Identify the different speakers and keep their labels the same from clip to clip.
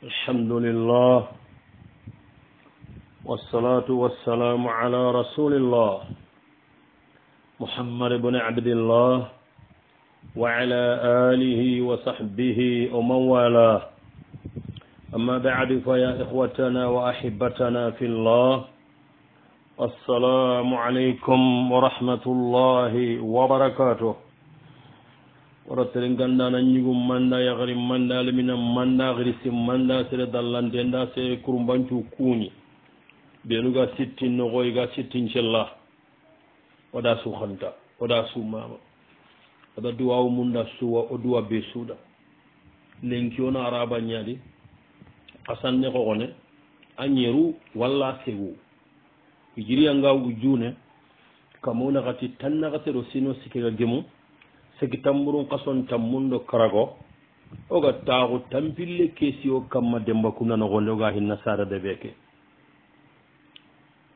Speaker 1: الحمد لله والصلاة والسلام على رسول الله محمد بن عبد الله وعلى آله وصحبه ومن والاه أما بعد فيا إخوتنا وأحبتنا في الله السلام عليكم ورحمة الله وبركاته rottere gandana ñigum manda yahri manda lamina manda risi manda sere dallante nda se kurbancu kuuñi ɓenu ga sittin nogoy ga sittin cella oɗa suhanta oɗa sumama aɗa duwaw munda suwa o duwa be suuɗa lenki ona araba ñaadi asanne xoxone a ñeru walla sewu ijiriyanga u juune kamo naxati tan naxa sero sino sikega gemu sagi tamburum kason tammundo karago oga taaku tampille keesi o kamma dembaku nanogonde oga hinna sara de beeke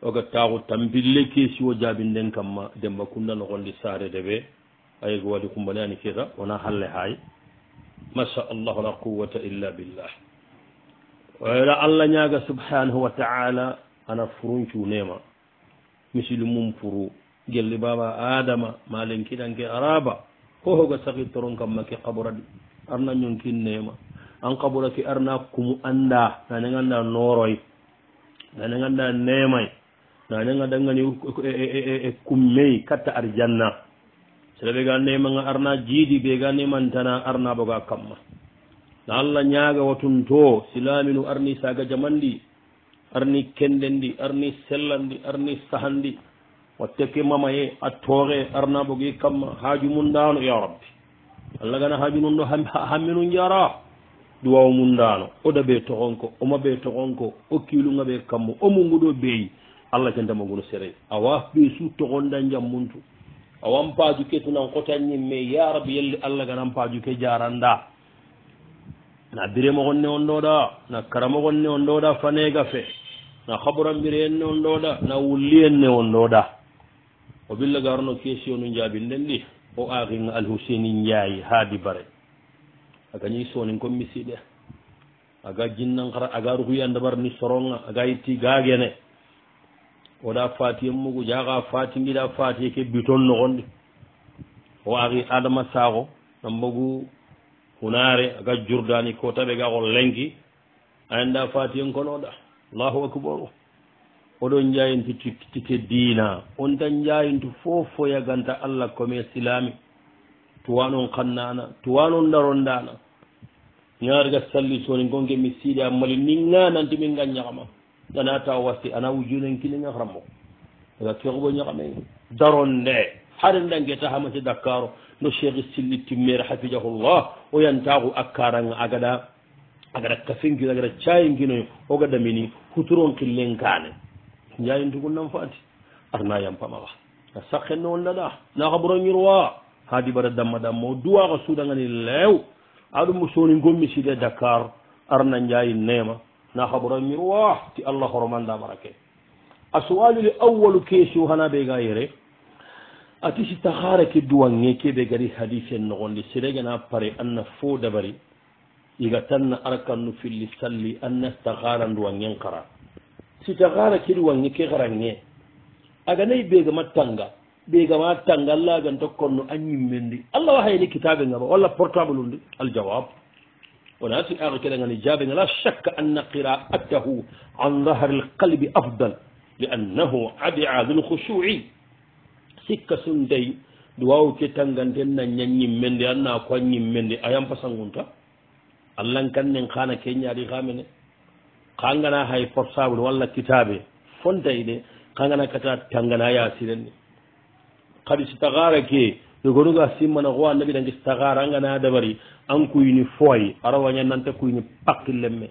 Speaker 1: oga taaku tampille keesi o jaabinden kamma dembaku nanogonde saare de ɓe ayigo wali kumbane ani keeta wona halle haay masha allahu la quwata illa billah oyeɗa allah ñaaga subhanahu wa taala ana furun cuunema misilu mum furu gelli baaba adama malenkiɗanke araba hohoga sahir toron kamma ke kaburadi arna ñonkin nema an kabura ke arna kumu anda nane ganda noroy nane ganda nemay nane ganda gani e, e-, e-, e- kummey katta ar janna sere ɓe ga nemaga arna jiidi ɓe ga nemantana arna boga kamma na allah ñaaga watun to silaminu arni saga jamandi arni kenden ndi arni sellan ndi arni sahan ndi wa tekke mamaye a toore arnaɓogi kamma haaju mum ndaano ya rabbi allah gana haaju num ɗo hamminu jara duwaw mum ndaano o daɓe togonko oma ɓe togonko o kiilungaɓe kammo o munguɗo ɓeyi allah jandamaguno sere awa ɓee su togonda jam muntu awan paajuke tunan kotanñimme ya rabbi yalli allah ganan paajuke jaranda na birema gonne on ɗoɗa na karama gonne on ɗoɗa fanega fe na haɓuranbire enne on ɗoɗa na wulli enne on ɗoɗa o ɓilla garno question nu jaabin den ndi o aakin alhuseni njaayi haadi bare a gañii soonin comme misiiɗe aga jinnanara aga rukuyandabar ni soronga aga yitti gaagene oɗa faatiye mugu jaaka faati giɗa faatiye ke biton nogonɗi o aaki adama saako nambagu hunaare aga jurdani ko taɓe gaako lenki ayannda faatiyen konoɗa allahu acbaru oɗon jayintu tikkitike diina on tan jayintu fofoya ganta allah kome silami towanon kannana towanon darondana ñaarga salli soni gonge mi siiɗi a mali ni ganante min gan ñagama ana taw wasti ana wujunen kilinga ramo aga kekoɓo ñagame daronde hare ndangeta hamase dakaro no cheikh silli timmere hafijahullah o yantaku akkaranga agaɗa agaɗa kafenkino agaɗa cayinkinoy o gadamini huturon killen kane yayintugulnam faati aɗana yam pamawa a sakhenno wonda ɗa naka ɓuroñirwa haadi ɓara damma ɗammo duwaka suudangani lew aɗum mo sooni gommi siɗe dakar arna jayi nema naka ɓuroñirwa ti allah horomanda ɓarake a suwalili awalu keesio hana ɓe ga yere ati si takhare ke duwa ngekeɓe gadi hadise nogondi siɗegana pare anna fo dabari yiga tanna arkannu filli salli anna takhara duwa ngenkara sita gara kirwangi ke garange aga nay bega matanga bega matanga Allah gan to konno anyimmendi Allah wahay ni kitabe ngaba wala portable ndi al jawab wana ti aga kida ngani jabe la shakka anna qira'atahu an dhahr al qalbi afdal لأنه عدع ذو الخشوع سكة سندي duwawu ke tanganten na ñañim mende anna ko ñim mende ayam pasangunta allan kan nen xana ke ñaari xamene kangana hay portable walla kitabe fonta ide kangana kata tangana yasiren ni kadi stagara ke yogonuga simmana ko annabi dange stagara angana dabari an kuyini foyi arawañannante kuyini pakkillemme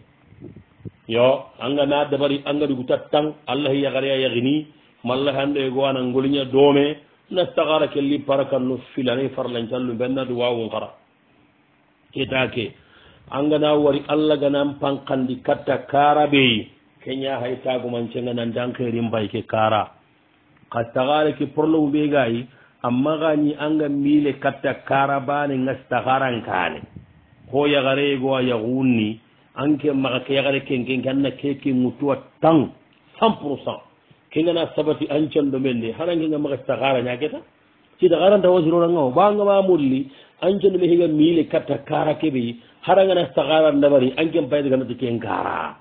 Speaker 1: yo angana dabari angadi gutat tan allah e yagarea yagini malla hande e go ana ngoliña doome na stagara kelli parakanno filanay farlancallu bennadu wawun kara kita ke angana wari allah ganan pankandi katta karaɓeyi keña hay tagumance ganandi ankeri mbayke kara ka tahara ke probleme ɓe gayi amma gani anga mile katta karabane gastaharankane ko yagareego a yahunni anke maga ke yagare kenkenke anna keke mutuwa tan cent pour cent kengana sabati ancando men de hanankenga magastahara ñaketa sida haranta wasiroɗangao ɓangama molli ancando me hega mile katta kara keɓeyi haɗagana sagara ndabari anken payde ganata ke gara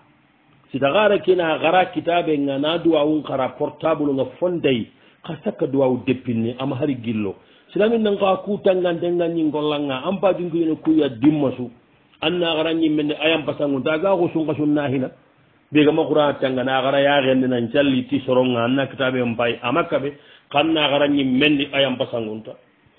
Speaker 1: si tagara kena gara kitabe nga na duwawun gara portable nga fonday ka sakka duwawu deppinne ama hari gillo silamin nan ka kutangandengañi ngollanga an bajunguyene kuya dimmasu anna garañi mende ayam pasangu daga ko sunka sunna hina begama qura tanga na gara yaxende nan calli ti soronga anna kitabe mbay ama kaɓe kanna garañi mende ayam pasangunta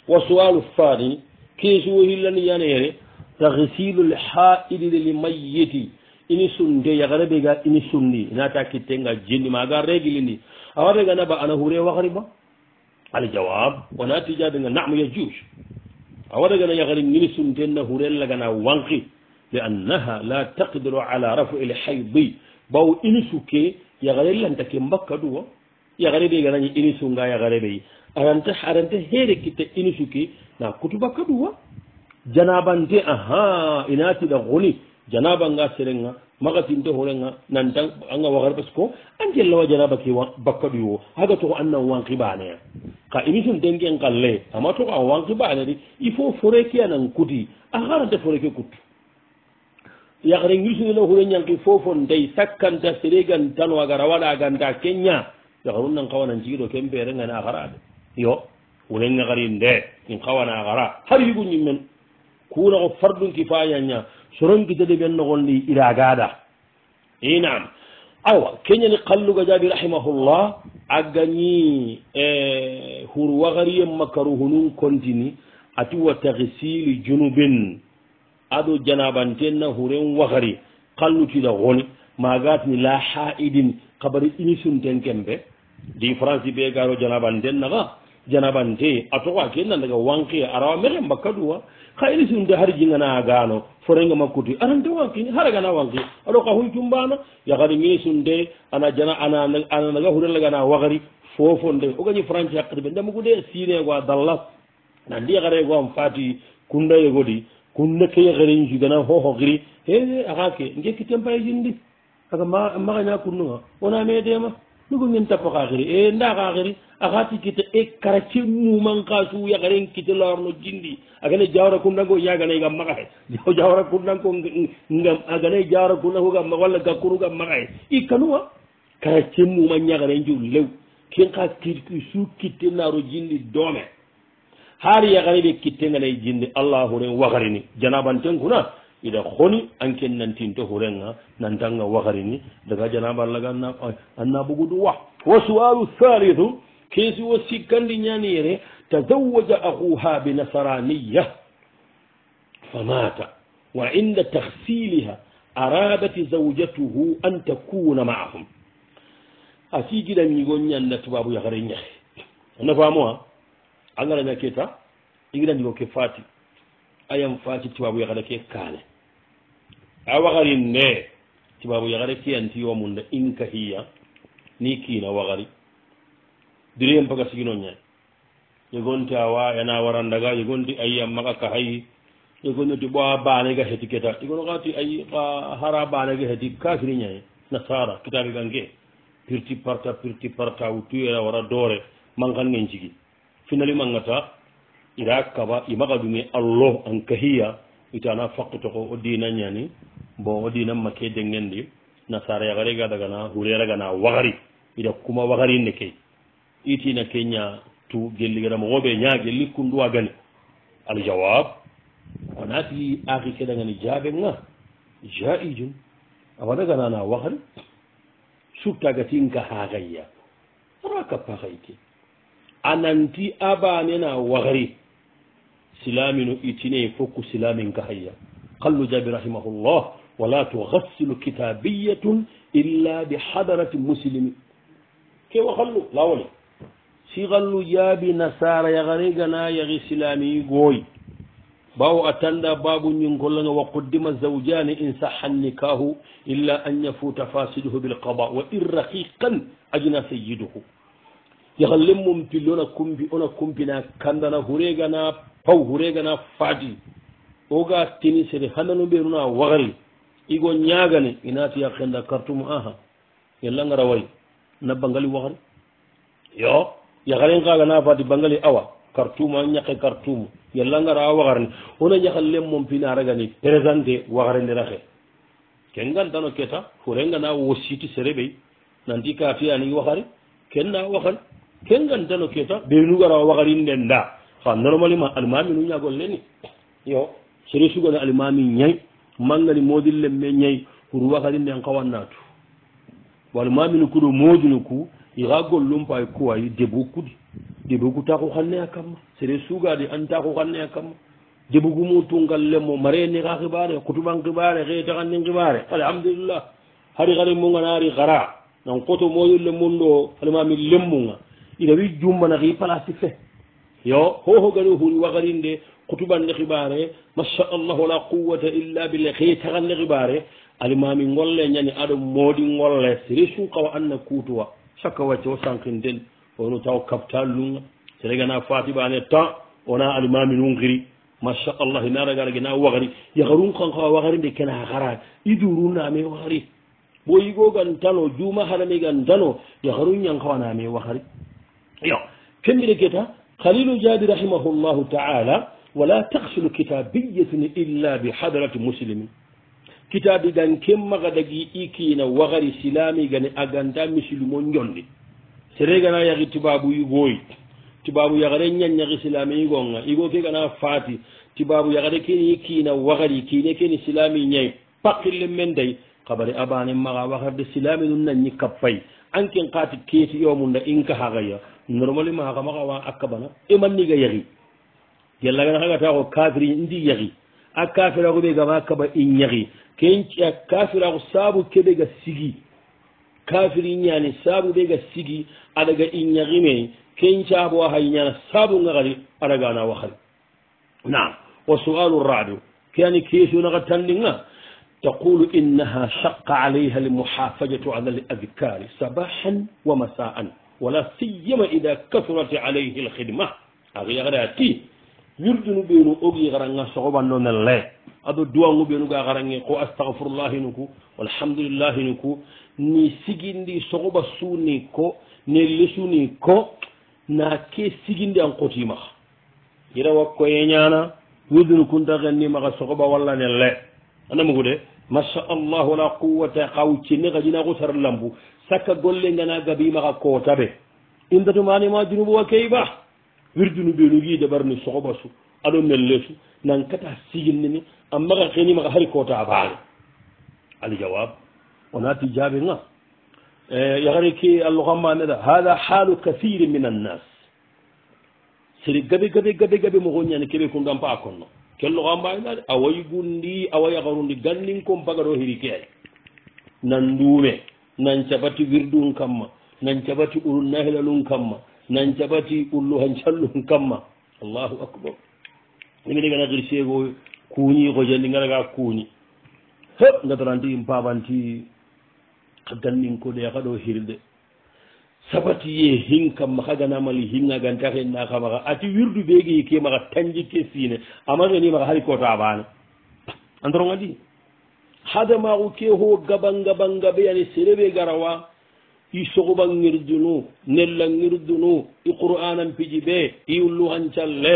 Speaker 1: wa sual fani kesuwo hillani yaneere tahsilu lhaili lilmayiti ini sunde yagara ɓega ini sunni inata kittenga jinni maga reglini awa ɓega naba ana hure wahri ma aljawab wona tijadega nam yajuj awa ɗegana yagari ini suntena hure lagana wanki liannaha la takdiru ala rafui lhaidi bawo ini sukke yagare lanta ke mbakka duwa yagare ɓe ganañi ini sunga yagare ɓeyi aranta aranta here kitte ini sukke na kutubakka duwa janabante aha inatiɗa goni janaba nga serenga magatinte horenga nantan anga wagar parce que antiyallawa janaba ke bakka ɗuyo haga toko annan wankibaneya ka émission denken kalle ama toko an wankibaneri il faut foreke anan kuti a harante foreke kuttu yakre gisunila hure ñanki fofontay sakkanta sereganttano agara waɗa ganta keña yakrun nan kawanan cigiɗo ken ɓerengane a harade yo wonen ngakarin de in kawana a hara har yigu ñimmen kuna o fardun kifayaña soronki dede ɓen nogolli iragada i e, nam awa keñani kalluga jaabi rahimahullah a gañi e hur wagariye makaru hunun kontini ati wa taxsili junubin aɗo janabantenna huren wagari kallutida goni magatini la haidin kabari inisunten kembe di france be garo janabantennaga janabante a toxo a kennandaga wanke arawa mexe mbakkaduwa hayri sin de harjingana gaano forenga makkuti arante wankini hara gana wanki aɗo ka huy cumbano yakadi mini sum de ana jana ana naga hurelagana wakari fofon de o gañi franci hakkati ɓe ndemugu de sinego a dallas nandi yakarego am fati kundayegodi kunde keyakarenci gana hohokiri he aka ke jekki tempayjindi aga ma magaña kunnuga wona medema nugu ñinta fo xaxiri e eh, nda xaxiri axa ti kita e kara ci muman xa suya xaren kiti larno jindi a gane jawra kunnango yagane ga maxaye jawra kunnanko ngam a gane jawra kunnanko ga ma walla gakkunu ga maxaye i kanuwa kara ci muma ñaxare njiw lew kin xa kiti su kiti naro jindi doome xaari yaxari ɓe kitte ngane jindi allahu ren waxarini janaban ten kuna ida honi anken nantinto hurenga nantanga wakarini daga janaba allah ga anna bogudu wa wa sualu halithu keesi wo sikkandi ñanire tazawaja ahuha binasaraniya famata wa inda tahsiliha arabati zaujatuhu an takuna maahum a si giɗa ñigo ñanda tubabu yakare ñahe ana famoa a garaña keta i giɗa ñigo ke faati ayam faati tubabu yakara ke kaale a waxari nde cibaabu yaxare fiyanti yoomunda inkahiya ni kiina waxari direm paga sigino ñay yegonti awa yana warandaga yegonti ay a maxa kahay yegonti ɓo a baanega heti keta yegono xati ay a hara baanega heti kafiri ñay nasara kitabe gange pirti parta pirti parta wutuyera wara doore mangan ngen cigi finali mangata ira kaba imaxa ɗume allo an kahiya itana faqtoxo o dina ñani bon o dinam makke dengen di nasara yagariga dagana hureragana wagari ida kuma wagarinne key itina ke ña tu gelligata mogoɓe ña gelli kunduwa gani aljawab wonati aki keɗagani jaɓe ga jaijum awaɗaganana wagari surta gatinka ha gayya ara kappa hayke ananti aɓanena wagari silamino itine fokku silamin ka hayya kallu jaɓi rahimahullah ولا تغسل كتابية إلا بحضرة مسلم كيف خلو لا ولي سيغلو جابي نصارى يغريغنا يغي سلامي قوي باو أتندا باب ينقلنا وقدم الزوجان إن صح النكاه إلا أن يفوت فاسده بالقضاء وإن رقيقا أجنى سيده يغلم ممتلونا كمبي أنا كمبنا كندنا هريغنا فو هريغنا فادي أوغا tini sere hananu ɓe nuna igo ñagane inati ya kenda carte mu aha yallangara way na bangali waxari yo yaxaren kaga na fati bangali awa carte mu a ñake carte mu yallangara a waxarani ona ñaxan lem mom pina ragani présente waxare ndiraxe kengantano keta furengana wositi sereɓey nanti ka fiyani waxari kenna waxan kengantano keta ɓenugara waxari ndenda xa normalement almami nu ñagol leni yo sere sugane almami ñay mangani moodillen me ñayi hur wakati nden kawannaatu wala mamino kuɗo moodino ku ixa gollumpa e kuway debokkudi debokku taku xanneya kamma sere sugade an taku xanneya kamma debogu mu tungal lemmo mareni xa xibare kutuban xibare xeetaxanni xibare alhamdulillah hari xare mungaari xara nan koto moodille mun ɗo halimami lemmunga ina wi jumbana xi place fe yo hoho gani huri wakatin de kutuban ne xibare masha allah la quwwata illa billah xey taxan ne xibare alimami ngolle ñani aɗo moodi ngolle siri suukawa anna kuutuwa sakka wacce o sankinten ono taw kapta lunga seregana fatibane temps wona alimami nun xiri masha allah ina ragarage na waxari yaxarun xanxawa waxarinde kena xara iduruname waxari bo yigo gantano juuma harame gantano yaxarun ñanxawaname waxari yo kembire keta khalilu jadi rahimahullahu taala wala taxsilu kitabiyatini illa bihadrati muslimin kitabi gan kemmaga dagi i kiina wahari silami gani a ganta misilumo jonɗi seregana yahi tibabu igoyi tibabu yahare ñañahi silami igonga igo ke gana faati tibabu yahare keni i kiina wahari kiine keni silami ñayi pakille men dayi habari abane maga waharde silami num nañi kappayi an ken kaati keeti yomunda inkahagaya normalement kamaga wa akkabana emanniga yahi yallagana kaga ta ko kafiri indi yagi a kafira ko ɓe gama kaba in yagi ken a kafira ko sabu keɓe ga sigi kafiri ñani sabu ɓe ga sigi aɗaga in yagi me ken cabo hay ñana sabu gagari aɗagana wahari naam wa sualu rabiu kani kesunaga tandinga تقول إنها شق عليها المحافظة على الأذكار صباحا ومساء ولا سيما إذا كثرت عليه الخدمة أغيرتي yurdunu ɓeenu ogii xaranga soxoɓanno ne le ado duwangu ɓeenuga xarange ko astahfirullahi nuku walhamdulillahi nuku ni sigindi soxoɓa suuni ko ne lesuni ko na ke sigindi an qotimax yira wakko ye ñana yurdunu kunta xenni maxa soxoɓa walla ne le anamugu de masa allahu wala quwata xawu cinni xa jinaxu sar lambu sakka gollenga na gabimaxa kootaɓe indatumanima junubu wa keyba wirdunu ɓe no wiide ɓarni sohba su aɗo melle su nan kata siginni ni ammaga xenimaga hay kota baale aljawab onati jaabe ga e, yaxari ke alloxammaneɗa hada xalu kathire min annas seri gabe gabe gabe gabe mo xoñani keɓe kundan pa a konno ke loxambaneɗade awayi gundi awayaxarundi gandin kom pagaro xiri ke ay nan nduume nan cabati wirdun kamma nan cabati urunnahilalun kamma nan jaɓati ɓullu han calluhum kamma allahu acbar ɗimi ɗiga nagiri seego kuuñi ko jandi ngaraga kuuñi he gadaranti im pamanti gandin ko ɗe kaɗo hirde sabati ye hin kamma haganamali hinnaganta henna kamaa ati wirdu ɓeegi ke maa tanji ke siine amageni maa hari koto abaane andoro gandi hadamaku ke ho gaba gaba gaɓe yani sereɓe garawa i sogobanŋirdunu nellanŋirdunu i qur'anan pijibe i ulluhancalle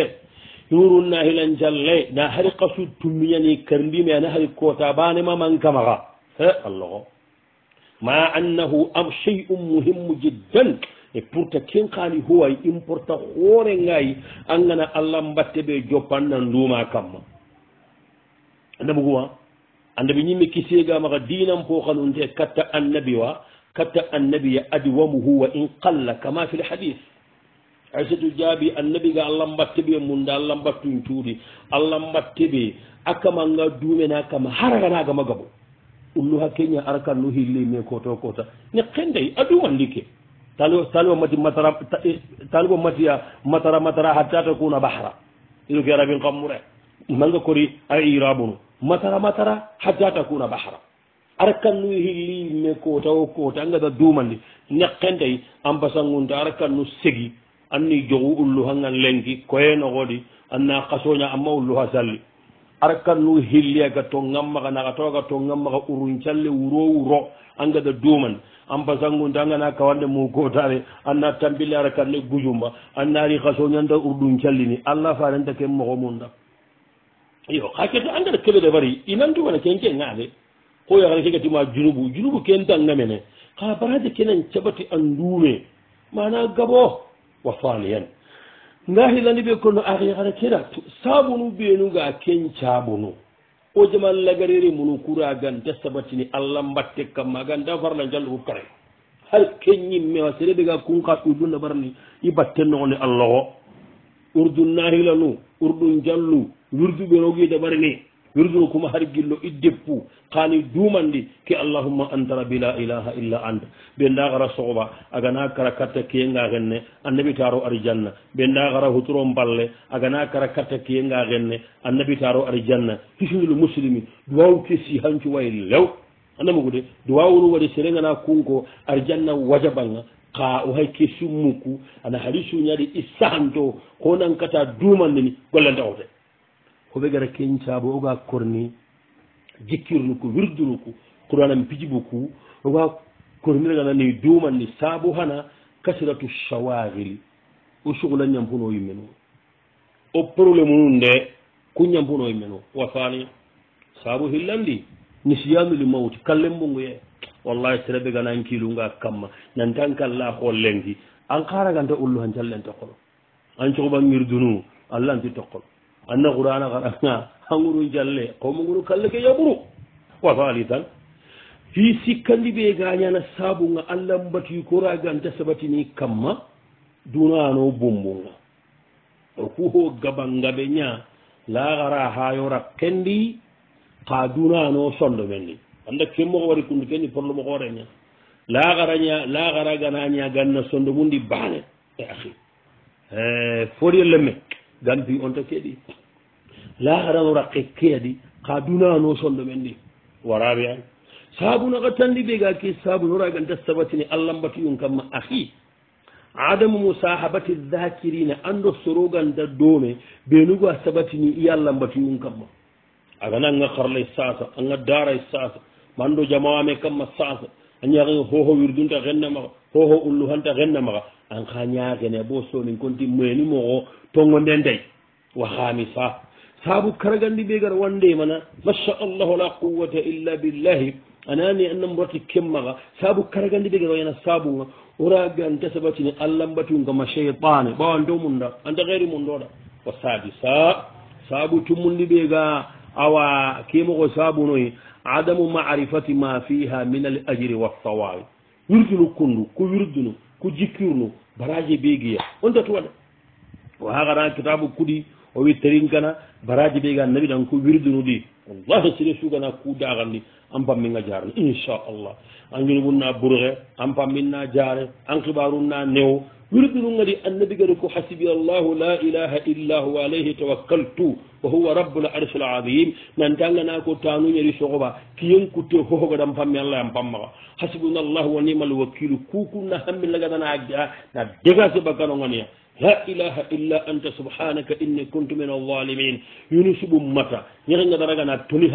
Speaker 1: yurunnahilancalle na hari kasu tumiyani karndime ana hari kota banema mankamaga e allogo ma annahu am cheyun muhimu jiddan e pourta ken kani howayi importa hoore ngayi angana allah mbatte ɓe joppannan nduma kamma andabuguma andabi ñimme kiseegamaga dinan pokanunte katta annabi wa كتا النبي أدومه وإن قل كما في الحديث aisatu jaabi annabiga allah mbatteɓe munda allah mbattuñ cuuɗi allah mbatteɓe akama nga duumena kama haraganagama gabo ullu ha keña ara kan no hilli min koto kota ne kenday a duumandike talibo mati matara talibo matiya matara matara hatta takuna bahra iɗo ke arabin kammure manga kori a irabunu matara matara hatta takuna bahra arakannu hillime koota o koota angata duumandi neqqentey ambasangunta arakannu segi anni jogu ullu ha ngan lenki koye noxoodi anna xasoña amma ullu ha salli arakannu hilli aga to ngammaxa naxa towaga to ngammaxa urun calle wuro wuro angata duumandi ambasangunta angana kawande mu kootaare anna tambille arakanne gujumba annaari xasoñanta urdun callini allah farenta ke moxo munda iyo xa kete angata keɓede fari inantumana kenkengaade koyo kan kega tima junubu junubu kentan ngamene ka baraje kenan cabati andume mana gabo wa falian ngahi lani be kono ari kada kera sabunu be nu ga ken cabunu o jamal lagarere munu kura gan ta sabati ni allah mbatte kam magan da farna jallu kare hal ken yin me wa sere daga kun ka tudu na barni ibatte no ne allah o urdun nahi lanu urdun jallu urdu be no gi da barni wirdu kuma har gillo i deppu kani dumandi ke allahumma antara bi la ilaha illa ant bendagara sogoba agana kara karta kiyengaxenne annabitaro arijanna bendagara huturo balle agana kara karta kiyengaxenne annabitaro arijanna tusinul muslimi duwawu ke si hancu way lew andamugude duwawunu wadi serengana kunko arijanna wajabanga xa oxay ke sumuku ana hadi suñadi i sahanto ko nan kata dumandini gollentaxote ho ɓe gara kencaabo oga korni jekkirnuku wirdunuku qouranami pijibuku oga korniraganani dumanni saabu hana kasiratu chawagili o sugla ñampuno yimmeno o probléme mum nde ku ñampuno yimmeno wafani saabu hillandi ni siyanuli mawti kallen mbongoye wallahi sere ɓe gana nkiilunga kamma nantan kalla hollenki an haraganta ullu han callente kolo an cogoɓangirdunu allah anti tokkolo anna qur'ana garanga hanguru jalle komuguru kalleke yaɓuru wa faali tan fi sikkandi ɓe gañana saabunga allah mbati kora ganta sabatini kamma dunano bumbunga okuho gabanga ɓe ña laagara ha yora kendi ka dunano sondo menni anda kemmoko waɗi kundu kendi porlomo koore ña laagaraña laagara ganaña ganna sondo mum ndi baane e axi eh, foɗi lemek gandi on takkeɗi laharan raqe keeɗi ka dunano sonɗo men ɗi waraɓe an sabuna ka tanɗi ɓega ke sabunoragal da sabatini allahmbati ɗum kamma ahi adama mo sahabati dakirina ando sorogal da dome ɓenugo a sabatini i allahmbati ɗum kamma agana anga karlay sasa anga daray sasa manɗo jamawame kamma sasa añaa hoho wirdunta hennamaa hoho ulluhanta hennamaa an xa ñaagene bo soonin konti meeni moxo tongo nde ndey wa xamisa saabu karagandi ɓe gar wandemana masha allahu la quwata illa billahi anani annam rati kemmaxa saabu karagandi ɓe gar wayana saabunga ora ganta sabatini allah mbatungama cheytane ɓawa ndo munda anta xeeri mundoɗa wa sadisa saabu tumundi ɓega awa kemoxo saabunoy adamu maarifati ma fiha min al ajiri wa sawabi wirdunu kundu ko wirdunu ko jikkirnu baraji beegiya on dato waɗa o haagara kitabu kuɗi o wi tarinkana baraji ɓeega nabi ɗan ko wirdunu ɗi wallah sire sugana kuudagan ɗi an pamminga jarani inchallah an jonibunna bourhe an pamminna jaare an xibaru na newo ورقنون أن النبي غدك حسبي الله لا إله إلا هو عليه توكلت وهو رب العرش العظيم نانتانا ناكو تانو يري سوغبا كيون كوتو هو غدا مفامي الله مفاما حسبنا الله ونعم الوكيل كوكو نهم لغا نا نا دغا سبكانو غنيا لا إله إلا أنت سبحانك إني كنت من الظالمين ينسب متى يرنغ درغا نا تولي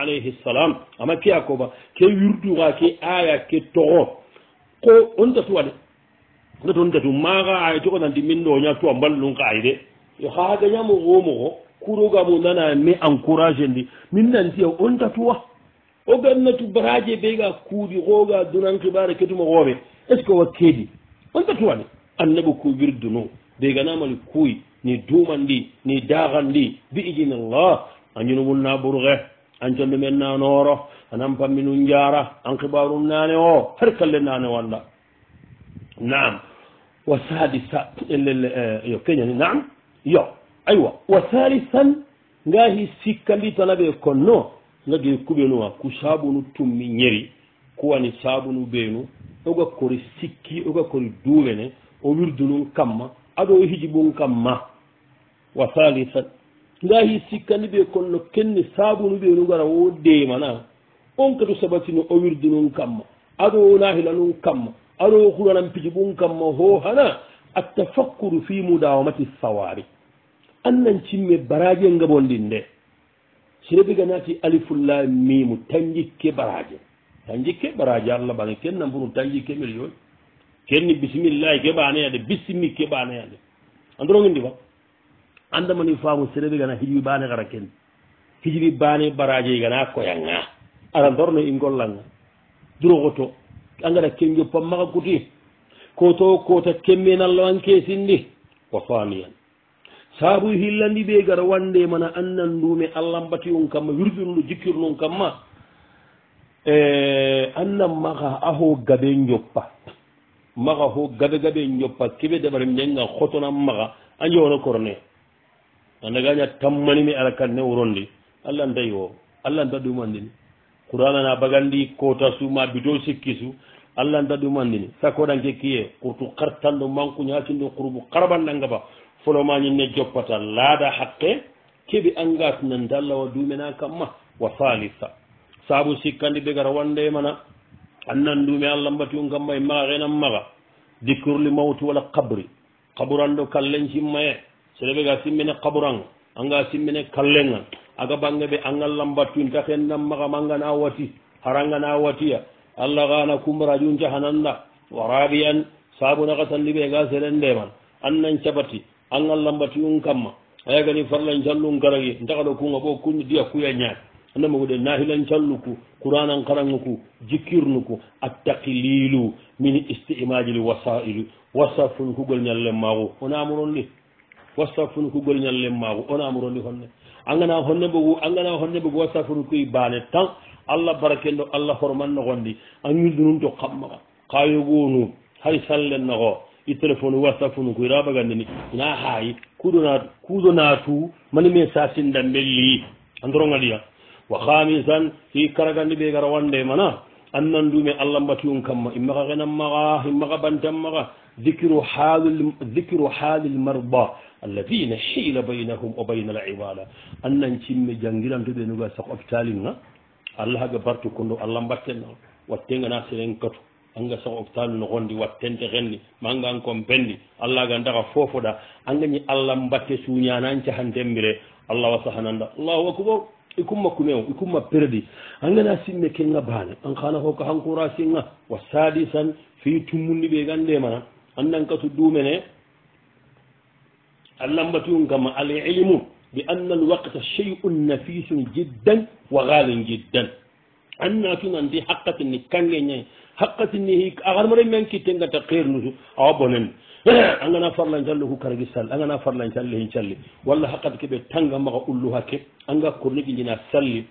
Speaker 1: عليه السلام اما كياكوبا كي يردو كي آية كي تغو قو أنت tasuwa gatondatu maaga ay e tiko nanti min ɗoña tuwa mballunum ka ay de xa e gañamo xoomoxo kurogamo nana me encourage ndi min nantiya on tatuwa o gannatu braje ɓega kuuɗi xooga dunan xibare ketuma xoome est ce que wa keedi on tatuwane annabi kubirduno ɓeganamani kuy ni duumandi ni daaxandi bi idinillah a ñunumum na ɓurxe an condumen na nooro anan pammi num jaara an xibaru nane o har kalle nane walla naam wa sadisa eh, yo keñani naam yo aywa wa salisan ngaahi sikkanditanaɓe konno ngage kuɓenuwa ku saabunu tummi ñeri kuwani saabunu ɓeenu oga kori sikki oga kori duwene o wirdunun kamma aɗo hijibun kamma wa salisan ngaahi sikkandi ɓe konno kenni saabunu ɓeenu gara wo deemana on katu sabatino o wirdunun kamma aɗo wonahilanun kamma aɗo huloran piji ɓum kamma ho hana a tafakkuru fi mudawamati sawari annan cimme baraje ngabondin nde sirebi ganati alifullah mimu tanjikke baraje tanjikke baraje allah bane ken nam bunu tanjikke milyoni kenni bisimillahi keɓaneyade bisimi keɓaneyade androginndi fa andamani faamu sirebi gana hijibi bane hara ken hijibi bane baraje gana koyanga aɗa dorno i ngollanga durogoto angara kenjo pammaka kuti koto kota kemmenallawanke sindi wa faniyan saabu hillandi ɓe gara wande mana annanndume allahmbati on kamma wirdunndu jikkirnon kamma e annan maga aho gabe joppa maga ho gabe gabe joppa keɓe daɓare ñanga hotonan maga a jewono korne andagaña tammanimi ala kanne wurondi allah ndayi o allah nta ɗumandini qur'an ana bagandi kota suma bito sikkisu allah nda ɗumandini sakoɗan kekkiye qurtu kartanɗo manku ñatinɗo qurbu karɓannangaba folomañinne joppata laada haqqe keɓi engagement allah wa dumena kamma wa salisa saabu sikkandi ɓegara wande mana annan dume allah mbati um kamma e maga henan maga dicurli mawtu wala kabri kaburanɗo kallen simmaye seɗe ɓega simmine kaburan anga simmine kallengan aga bange ɓe angal lambattun taten nan maga mangana wati harangana watiya allah gana cumra jun cahananda warabiyan sabunaga salliɓe ga selen ndeman annan cabati angal lambati un kamma ayagani farlan callun karagi ntakaɗo kuga ɓo kuñ diya kuya ñaat andamaguɗe nahilan calluku qouranan karaguku jikirnuku attaqililu min istimaji l wasailu wasafun kugol ñallen maku onamuronɗi wasafun kugol ñallen maku onamuronɗi honne angana honno mbogu angana honno mbogu wasafunu koy baane tan allah barakendo allah horman nogondi a ñuldu num to kammaga kayogonu hay sallen nogo i téléphone wasafunu koy rabagandini ina haayi kuudona kuudonatu mani me sasindambelli andorogadiya wa hamisan si karagandi ɓe gara wande mana annandume allah mbatiyum kamma immaka henan maga immaka bantan maga dicro halil marda alladina hiila baynahum o bayna al ibada annan cimmi jangirantoɓe nuga sako hôpitalin na allah haga bartu kondo allah mbattenna wattegana seren kato anga sako hôpital no gondi wattente henni mangan kon penndi allah ga daga fofoɗa angañi allah mbatte suñanan cahan tembire allah wa sahananda allahu akbar i cumma cume o i cumma perdi angana simme kenga baane an xana fo ko hankourasinga wa sadisan fi tummundiɓe gandemana annan katu ɗumene a lambatun gama alilimu bi anna alwaqta shey un nafisun jiddan wa galin jiddan anna tunandi hakkatinni kange ñayi hakkatinni hik aarmare men kitte ngata qernutu awa bonen a ngana farlan callo ku karagi salli a ngana farlan callo hin calli walla hakkat keɓe tanga maxa ullu hakke anga korniki jina salli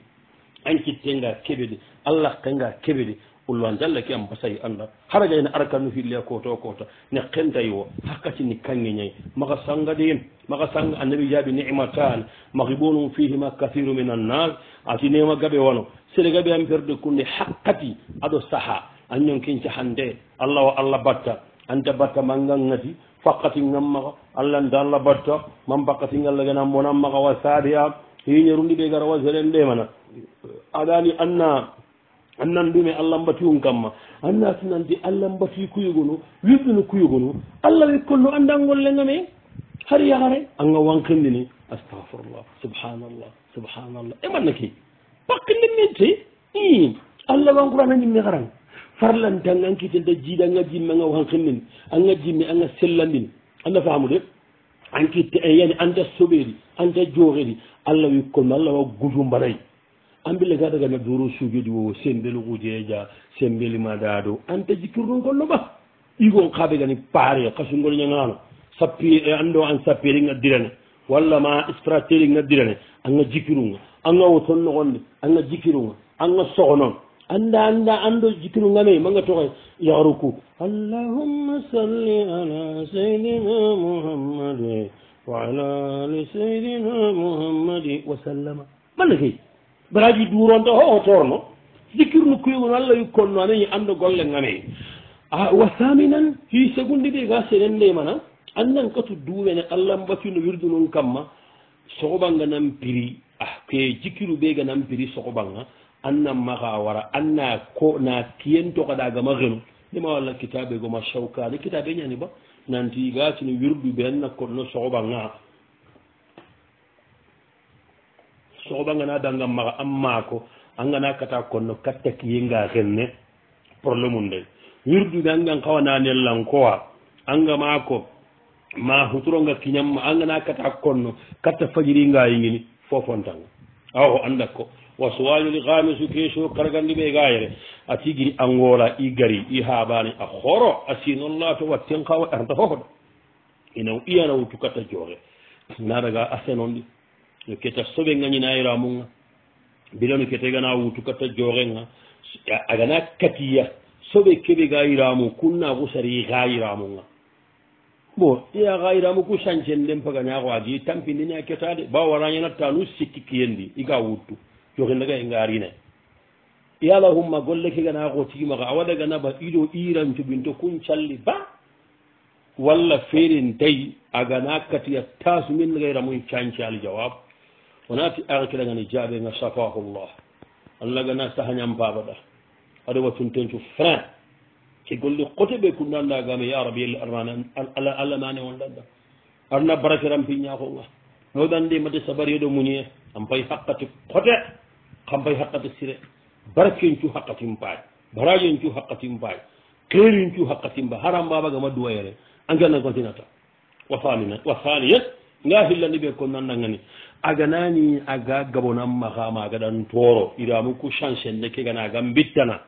Speaker 1: an kitte nga keɓedi allah kenga keɓedi ulluan jalla ke amba sayi allah hara gayna arkanu hilliya koto koto kota ne kentayi o hakkatini kange ñayi maka sangadeen maka sanga annabi jaabi nicmatan mahibonum fihima kathiru min annas ati nema gaɓe wono sere gaɓe an perde kunde hakkati aɗo saaha anñon kinca hande allah o allah batta anta batta mangangati fakkati gam maka allah nta allah batta man bakkati ngallagana bonan maka wa saade a hiñerundi ɓe gara wa seren anna an nan ɗume allah mbati um gamma an natinandi allah
Speaker 2: mbati kuyugonu wirɗunu kuyugonu
Speaker 1: allah wikkolno anndangol lenga me har yaare anga wankindini astahfirullah subhanallah subhanallah e mannaki pakkinde mitte i allah wankuranandinmi haran farlante an ankitenta jiiɗa anga jimmi anga wankindini anga jimmi anga sellandini anda famude ankitte e yani anta soɓeeɗi anta jooɗeɗi allah wikkolno allah wa gujumbanayi ambille ga ɗaga na doro sujudi wo sembelu ujeja sembelima daado antaji purnon gollo ɓa ɗigo kaɓe gani paare kasungol ñagano sappi e ando an sappiri ngaddirane walla ma sprateri ngaddirane anga jikirunga anga wo ton nogonde anga jikirunga anga sohonon
Speaker 2: anda anda ando jikirunga nayi manga toxe yaruku allahumma salli ala saydina muhammadi wa ala ali saydina muhammadi wasallama
Speaker 1: mallakey baraji duronto o o torno sikirnu kuyugon allah yukkonno anen i anndo golle ngamee a wa saminan hi segunde ɗe ga senen nde mana annan katu duwene allah mbatuno wirdu noon kamma sohoɓanga nan piri a ah, ke jikiru ɓe ga nan piri sohoɓanga annan maga wara anna ko na kiyentokaɗaga ma genu nima walla kitabe goma chawkane kitabe ñani ba nanti ga sino wirdu ɓe annakonno sohoɓanga soxoɓa ngana danga maxa a maako a ngana kata konno kattak yinga xenne probléme um ndey wirdude a ngan xawana nelankoa a nga maako ma xuturonga kiñamma a ngana kata konno katta fajiringa yingini fofontanga awaxo anda ko wasuwajoli xamisu keso kargandi ɓe ga yere a tigiri a ngoola i gari i haɓani a xoro a sinon lato watten xawa arta fofoɗa ina iyana wutu katta jooxe naa daga a senon ɗi no keta soɓe gañinayira e mum ga bila no kete gana wutukata jooxen ga a gana katiya soɓe keɓe ga yiramu e kunna ku sari xa yiramum ga e bon iya xa yiramu ku sancen den pagañaxo agi tampindinea keta de ba warañanatta nu sikki kiyendi i ga wuttu cooxin daga enga rinay yalahumma golle ke gana xotimaxa awa dagana ba ido iran cuɓinto kun calli ba walla feren tay a gana katiya tasumin dagayiramu cancali jawabu ونأتي أغكلا عن إجابة ما شفاه الله الله جنا سهني أم بابدا أدي وتنتين شو فران كيقول لي قتبة كنا الله جامع يا ربي الأرمان ال ال ما نوند الله أرنا بركة رم في نياه الله لو دندي مدي صبر يدو مني أم بي حقك قتة كم بي حقك سيرة بركة إن شو حقك تمباي براي إن شو حقك تمباي كير إن شو حقك تمباي هرم بابا جامد دوايره أنجلنا كنتي نتا وثانيا وثانيا nga hillandi ɓe ko nandagani aganani aga gabonan mahama agaɗan toro iramu ku chance nde ke gana aga bittana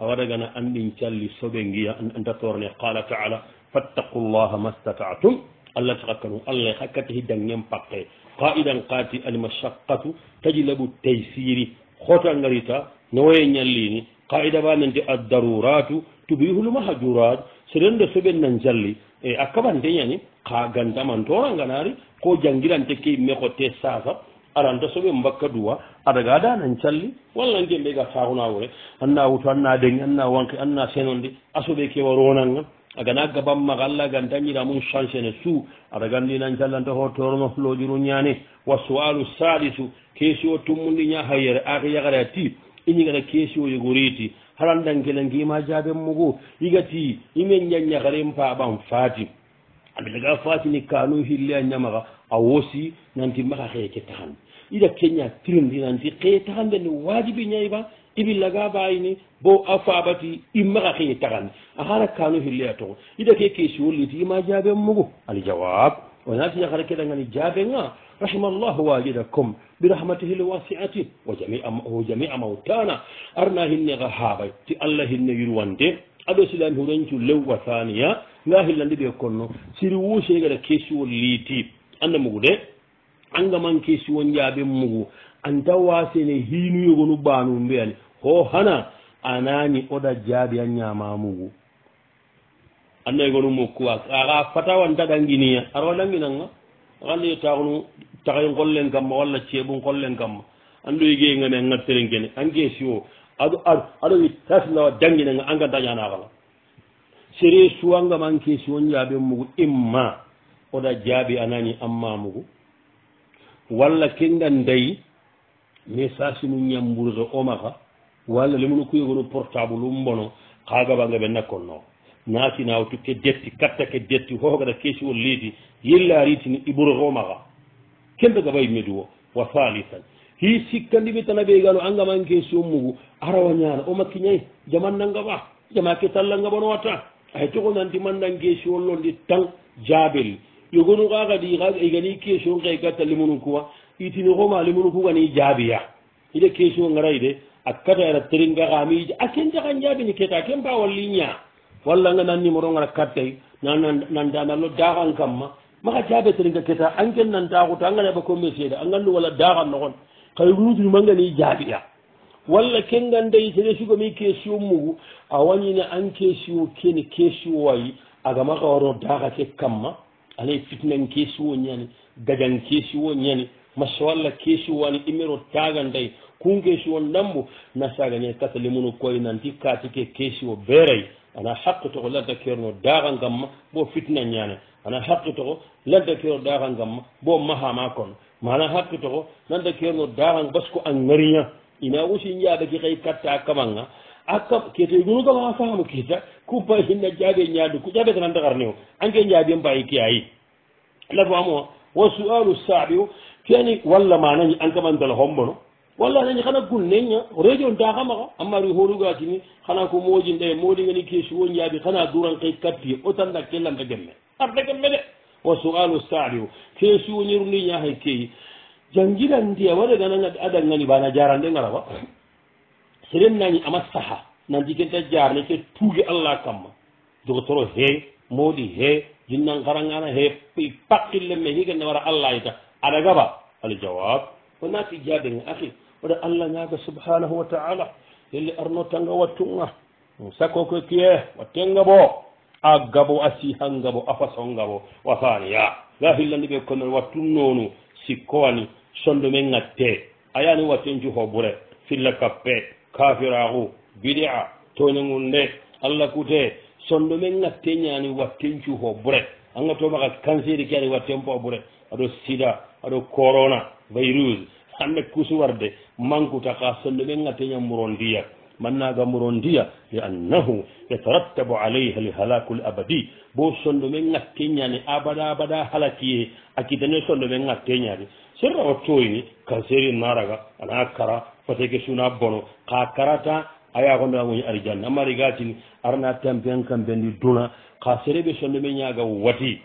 Speaker 1: awaɗa gana andin calli soɓe giya anta torne qala taala fattaqu llaha ma statatum allah tagakkanu allah hakkati hiddangen pakke qaidan qati almashaqqatu tajlabu taysiri hoto angarita nowoye ñallini qaida ba nante addaruratu tubihulmahjurat seɗen nde soɓen nan jalli eyi akkaɓante yani ka gandaman toranganari ko jangguirante ke yimɓe ko te safa aranta soɓe mbakka duwa adaga danan calli walla ngue mɓe ga fahunawore anna wuto anna deng anna wonke anna senonde asoɓe kewa ronanga agana gabam magalla gan tañiramum change ne sou aɗa gandinan callanta ho torno lojiru ñane wa soalu salisu keesio tummudiña hayere aki yagare a ti iñigana keesio yogo reeti halandan gele ngima jaben mogo igati imen ñaññagaren paɓan faati ɓelega faatini kanu hille a ñamaga a wosi nanti maxa xeeke taxan ida keña tirindi nanti xee taxandeni waajibi ñayba ibillaga bayini bo a faɓati i maxa xee taxan axara kanu hille a toxo ida ke question liti ima jaben mogo ali jawab onatiñaxarekedangani jabenga rahimallahu wajida comme birahmatihil wasiati wo jamia mawtana arna hinne ga haaɓay ti allah hinne yurwande aɗo silami hurencu lewwa thania nga hillandi ɓe konno siri wuseegaɗa kesiwol liiti anda mugu de angaman kesiwon jaaɓe mugu anta wasene hinuyogonu banu mbeyani ho hana anani oɗa jaaɓi a ñama mugu anna gonu mokkuwa aga fatawanta ɗanginiya aɗa wa ɗanginanga aɗa lee taxnu cahay ngollen gamma walla ceeɓu ngollen gamma anndu yigee e ngame ngatteren gene angee si o aɗo ar aɗowi tasnawa jangginenga anga dañanaakala sere suwangam ankee si on jaaɓen mugu imma oɗa jaaɓi anani amma mugu walla kengan dayi mais sasi mum ñamburso omaka walla lemunu kuyegono portable um mbono kaagaɓanga ɓe nakkonno naatinaawa tukke detti katta ke detti hohogata keesi o liiti yillaariitini iɓuroromaka ken daga bay medu o wa halitan hi sikka ndiɓe tana ɓeegano angamanke sommugu arawa ñana o makki ñayi jamannangaɓa jamake tallangaɓa no watta ay togo nanti mandanke si wollonde tan jabel yogonu ka kadi igani e question kay gatta limunu kuwa itini koma limunu kugani jaabiya ide question ngarayi de a kata ara teringa kamiji a ken jakan jaabini keta ken mbawalli ña walla nga nan numéro ngara kattay nanan nandanallo dakan kamma maxa caabe seringa keta angen nantaxuta a ngana ɓa comme seeda a ngandu wala daxan noxon xay rudrumangani jaabi'a walla kengandayi sede sugomi question mugu a wañine an question kene question wayi agama xawarno daxate kamma anaye fitnan question o ñani gajan question o ñani masawalla question wani imero taganday kun question o ndambo nasagane kasa limunu koy nanti kaatike question o beeray ana xaqe toxo ladda keerno daxan kamma bo fitna ñana ana haqqi toxo lanta keero daaxangam bo maxama kon mana haqqi toxo lanta keerno daaxang basque an ngariña ina wosi njaɓaki xay katta kamanga akam kete gunugama faamo keta ku bayina jaabe ñaadu ku jaabe tananta xarneo anke njaabe mbayi keayi lafaamo wo sualu saabio keni walla manañi ankama ndala hombono walla nañi xana gul neña rejo ndaxamaxa amari horuga tini xana ko moojin ɗaye mooɗingani ke suwo njaabi xana duran kay katti o tanda ke lamta gemme arɗeke mbeɗe wo sualu sadio keesi woñirundi ñahay keyi jangiran ndiya waɗa ganaa adagani bana jaran ɗe ngarawa seɗen nañi ama saha nanti kenta jarne ke tuuge allah kamma dogotoro he moɗi he jinnan karangana he paqille me hikenne wara allah yita aɗagaba aljawab o naati jaɓega ahi waɗa allah ñaga subhanahu wa taala yelle arno tanga wattuga sakko ko kiye wattenga boo a gabo a sihangabo a fasongabo wasani ya lahillandi ɓe konnon wattu noonu sikkowani sondu men gatte a yani watten juho bure filla kappe kafiraku bidia tonigunde allah kute sondu men gatte ñani watten juho bure anga tomaka kanseri ke ani watten po bure aɗo sida aɗo corona virus hande kusuwarde manqueuta ka sondu men gatte ñammuro ndiyat mannaga muron ndiya li annahu yatarattabu alayha lihalaku l abadi bo sondo men ŋatte ñane abada abada halakiye akidane sondo men ŋatte ñane serra o toyini kanseri naraga ana kara fateke suna bono ka karata a yakondoa goñi arijanna amarigatini arana tempen kambendi duna ka sereɓe sondo men ñaga wati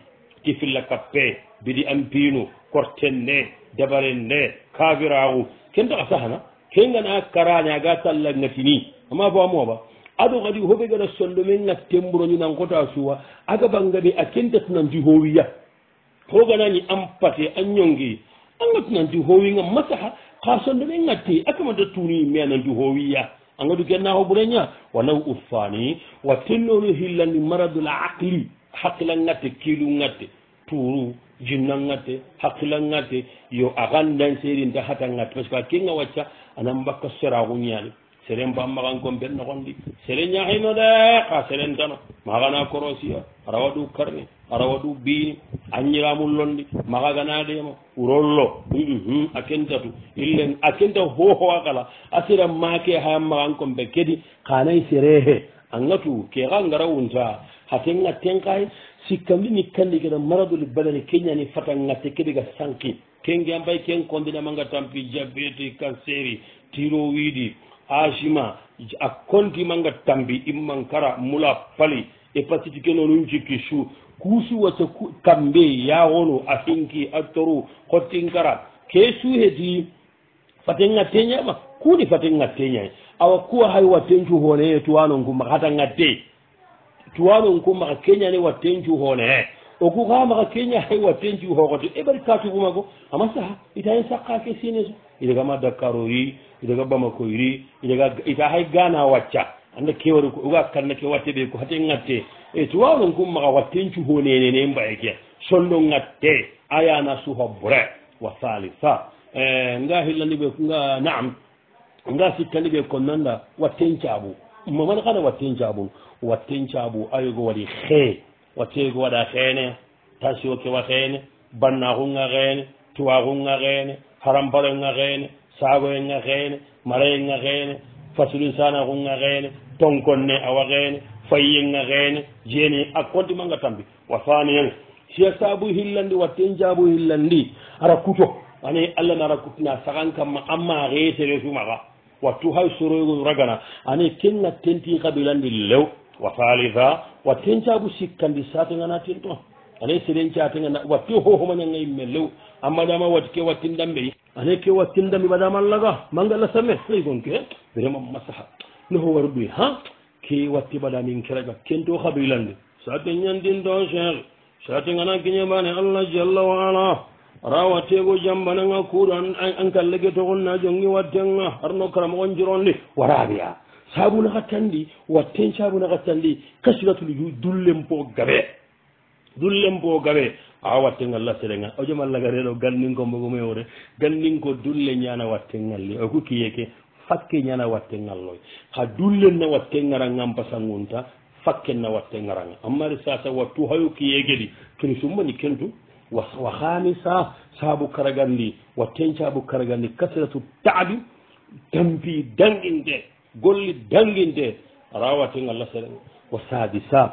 Speaker 1: kifilla kappe bidi ampinu korten nde dabaren nde kaviragu kentaka sahana hengan a karane aga salla ngatini ama famoba aɗo kadi hoɓe gaɗa sollo men ga temburoñu nan kota suwa aga bangaɓe a kentatunanti howiya ho ganani ampate a ñongge angatunanti howiga masaha ka sollo men gatte akama dattuni yimme ananti howiya angadu kenna ho ɓureña walaw uffani wa tennoni hillandi maradul aqli haqilan gatte kilu gatte touru jinna gatte hakkila gatte yo axandan serinta hata gatte par ce que a kenga wacca anan mbakka seraxuñani sere mbammaxan compen noxondi sere ñaxino de xa serentano maxagana korosiyo arawaɗu karni arawaɗu bini a ñiramullondi maxagana ɗema urollo a kentatu illen a kenta hohowa xala a sera make hayan maxan compe kedi xanay serexe a gatu ke xa ngara wunta xa tenga tenxaye sikkandini kandi kena maradoli banani keñani fata gatte keɓega sanki kenge ambay ken kondinama ga tampi jabeti canceri tiroidi agima a kontima ga tambi immankara mula pali epacite kenono yucikki su kuusi wasa kambe yawono a hinki a toru hottinkara ke su hedi fate gatteñama kuni fate gatteñay awa kuwa hay wa tencu honeye tuwano ngumma hata gatte tuwaɓe on ko maxa keñane watten cuhone o ku xa maxa keña hay watten cuhoxote e ɓari katubumago ama saha ita hen saqqake sineso idagama dakaro ri idaga bamako ri idaga ita hay gana wacca anda kewari e ko oga kanna e ke watte ɓe ko hate gatte e tuwawɗon kum maxa watten cuhonenene mbayke sollo gatte ayana suho bre wa salisa e nga hillandiɓe nga naam nga sikkandiɓe ko nanda watten caɓu momen xana watten caabun watten caabu ayogo wari xee watteyogo waɗa xeene tasio kewa xeene bannaxunga xeene tuwaxunga xeene haramparonga xeene saagoyenga xeene marayenga xeene fasulin sanaxunga xeene tonkonne awa xeene fayyenga xeene jeene a contimanga tambi wasaniyen sia saabu xillandi watten caabu xillandi ara kuto ane allah na ra kutina saxan kamma a maxee tere sumaxa wattu hay soroygol ragana ani kenga tentin kabilandi lew wa halitha wa tencabu sikkandi satengana tinton ane serencatenga watte hohomañanga yimme lew amma dama wat ke wattindambeyi ane ke wattindambe badamallaga mangalla samme aygon ke vraiment masaha noho waru ɗuy ha ke watti baɗamin keraga kento kabilandi
Speaker 2: satenñandinton cheikh satengana kiñemane allah jalla wa ala rawatego jambananga kuuɗo an
Speaker 1: kallege togonna jongi wattenga harno karamogon jironde waraɓeya sabuna hattandi watten sabuna hattandi kasiratuluju dullenpo gabe dullenpo gabe awa wattengal lasselenga o jom allahgareɗo gandinko mbogome ore gandinko dulle ñana wattengalli o kukiyeke fakke ñana wattengalloy ha dullenna wattengarangan pasangunta fakkenna wattengaranga amma re sasa wattu hayukiyegedi kene summani kentu wa hamisa saabu karaganndi wa tenca bu karaganndi kasratu taabi tampi danginde golli danginde rawaten allah sere wa sadisa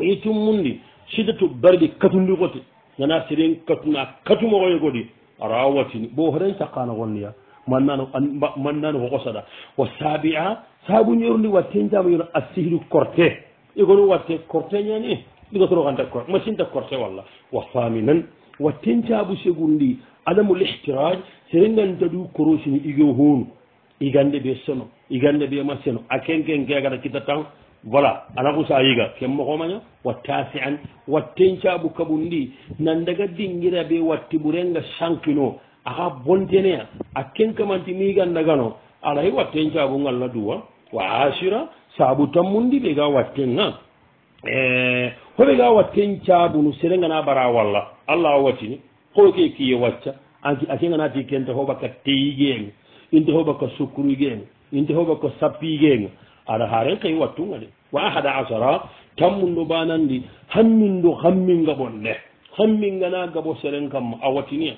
Speaker 1: ei tummundi siddatu bardi katundigoti nana siren katuna katumogoyegodi rawatini bo horen cakkano gonniya mannano mannano hokosaɗa wa saabi a saabu ñerundi wa tencama yono assihiru corte egono watte corte ñani ɗuga toroxan d' accord machine d' accord ce walla wa faami nan wa tencaabu segun ndi alamul ixtiraj serengan dadu korosini igo hoonu igande ɓe seno igande ɓe ma seno a kenken kegata kita tan voilà anaxusa yiga ken moxomaña wa tafian wa tencaabu kaɓun ndi nandaga dingira ɓe watti ɓurenga sankino axa bonteneya a kenkamanti miigandagano alayi wa tencaabungalla duwa wa asura saabu tammundi ɓega wattenga Eh, hoɓe ga wat ken caabunu serengana ɓara walla allah o watini hoɓe ke kiye wacca ak a kenganati kente hoɓaka teyigeenga inte hoɓaka sukkuruygeenga inte hoɓaka sappigeenga aɗa haren kay wattunga de wa ahada asara tammundo banandi hamminndo hamminga ɓonɗe hamminganagabo seren kamma a watiniya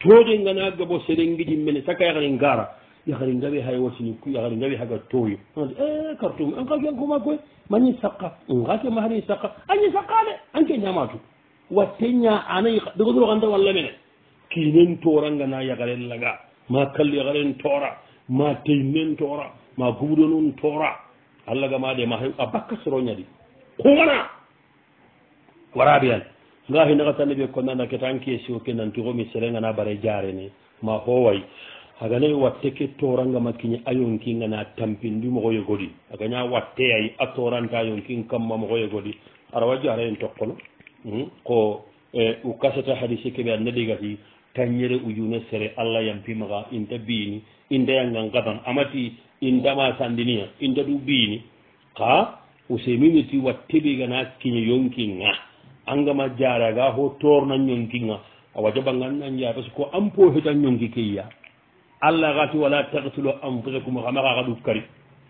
Speaker 1: toɗenganagabo seren giɗimmene sakkayaharin gara yahari ngawi hay wasini yahari ngawi haga tooyo eh, ai e kartumi an kaki ankoma koye mañi saqqa ngake mahari saqqa añi saqqaade anke ñamatu wa teña anayi ɗogodoro anda walla mene kinen toranga na yagaren laga ma kalli yagaren toora ma teynen toora ma gubuɗo noon toora allah ga maɗe ma hew a bakka soroñadi kugana waraɓe an ngahi nagatanne ɓe konnanda ketankiesio kenantigomi serenga na bare jarene ma howayi haganayi watte ke toranga makkiñe a yonkinga na tampindi moxoye godi agaña watteyayi a toranta yonkin kamma moxoye godi arawa jarayen tokkono hmm? ko e, u kasata hadise keɓe anna ɗigati tanñere ujune sere allah yampimaxa inta biini inta yangan gaban amati indama sandiniya inta du biini xa usemineti watte ɓegana kiñe yonkinga angama jaraga ho torna yonkinga awa jaɓangannan ya parce que ko anpo hetan yonki keyya allah gati wala tatulo anfusacum xamaxa xa ɗuf kari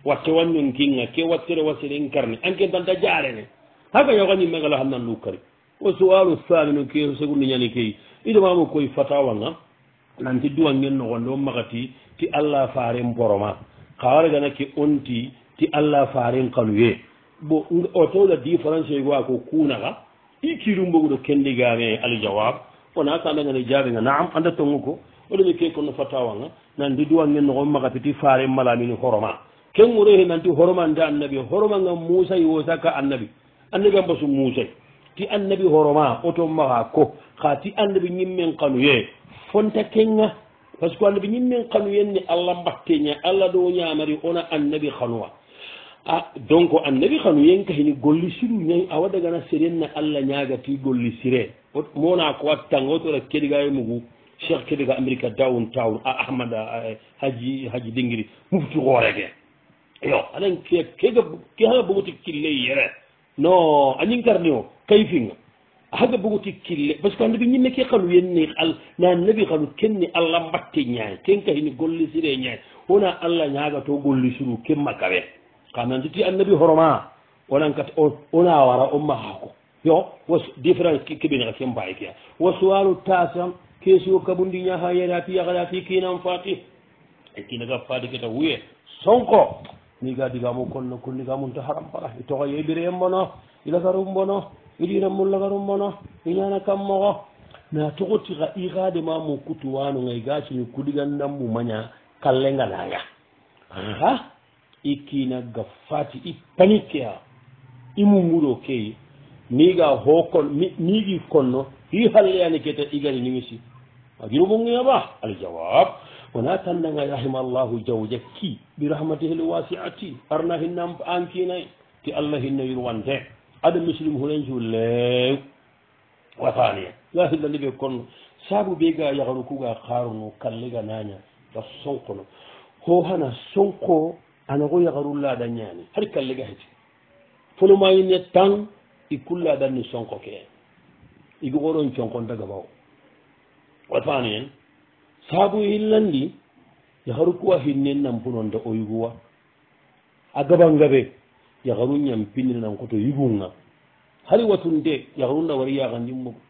Speaker 1: watte wa ñon kinga ke wattere wasere incarne anke dalta jarene haga yoxañimmengalo xan nan luf kari wo sual sani no ke segundi ñani key idemamo koy fatawanga nanti duwangen noxonde o maxati ti allah faren boroma xa waregana ke onti ti allah faren xaluye bo otola différence yego a ko kunaxa i kirumbogudo kendigame aljawab ona sandangane jaɓenga naam anda tongo ko oɗomi ke kono fatawanga nanti duwangen nogo magapiti fare malamini horoma ken ŋurehe nanti horomande annabi horomanga musa yiwosa ka annabi annabi an basu musay ti annabi horoma oto maha ko ha ti annabi ñimmen kanuye fonta kenga par ce que annabi ñimmen kanuyen ni allah mbatteña allah dow ñamari ona annabi kanuwa a donc annabi kanuyen kahini golli siru ñay awa dagana serenna allah ñagati golli sire mona ko wattanga otora kedigayi mugu cheikh keɗega amérique dawn town a ahmad haji haji dingiri mufti hoorege yo anen kkeega ke haga bogoti kille yere no añing karni o kayfinga haga bogoti kille par ce que anabi ñimme ke xanu yenni al na nabi xanu kenni allah mbatte ñaay ken kahini gollisire ñaay wona allah ñaaga to gollisiru ke makawe ka nanditi annabi horoma onan kat ona wara o mahako yo wo différence keɓinaxa ke mbaayi kea wo suwalu tasam keesio kabundi ñaha yera fi yahaɗa fi kiinan faaki e kiina ga faade keta wuye sonko mi ga digamu konno kunniga mum to haram para i toxo yeɓiri en mbono ilagarum mbono iɗina mum lagarum mbono i ñana kam moxo na toxoti xa ixaade ma mu kutu wanonga i ga sini kuɗiganndan mu maña kallenganaanga xa i kiina ga faati i panique a i mumuro key miga hokon mi miigi konno i halleyani kete igani nimisi abiro gongoya ba aljawab wona tandaga rahimallahu jaw jakki bi rahmatihil wasiati arna hinna ankinayi ti allah hinna yurwante ada muslim hulen julew wataniya lahillani ɓe konno saabu ɓe ga yahru kuga haruno kalliga naña da sonkono ho hana sonko ana go yahru laada ñani har kalliga heti folomayine tan i kullaadanni sonko ke igi oron conkon daga bawo wat fani hen saabu hillandi yaharu kuwa hinnen nan punonda o yuguwa a gabangabe yaharu ñam pinnina nan koto yugunga hari watunde yaharunda wari yaganimmogo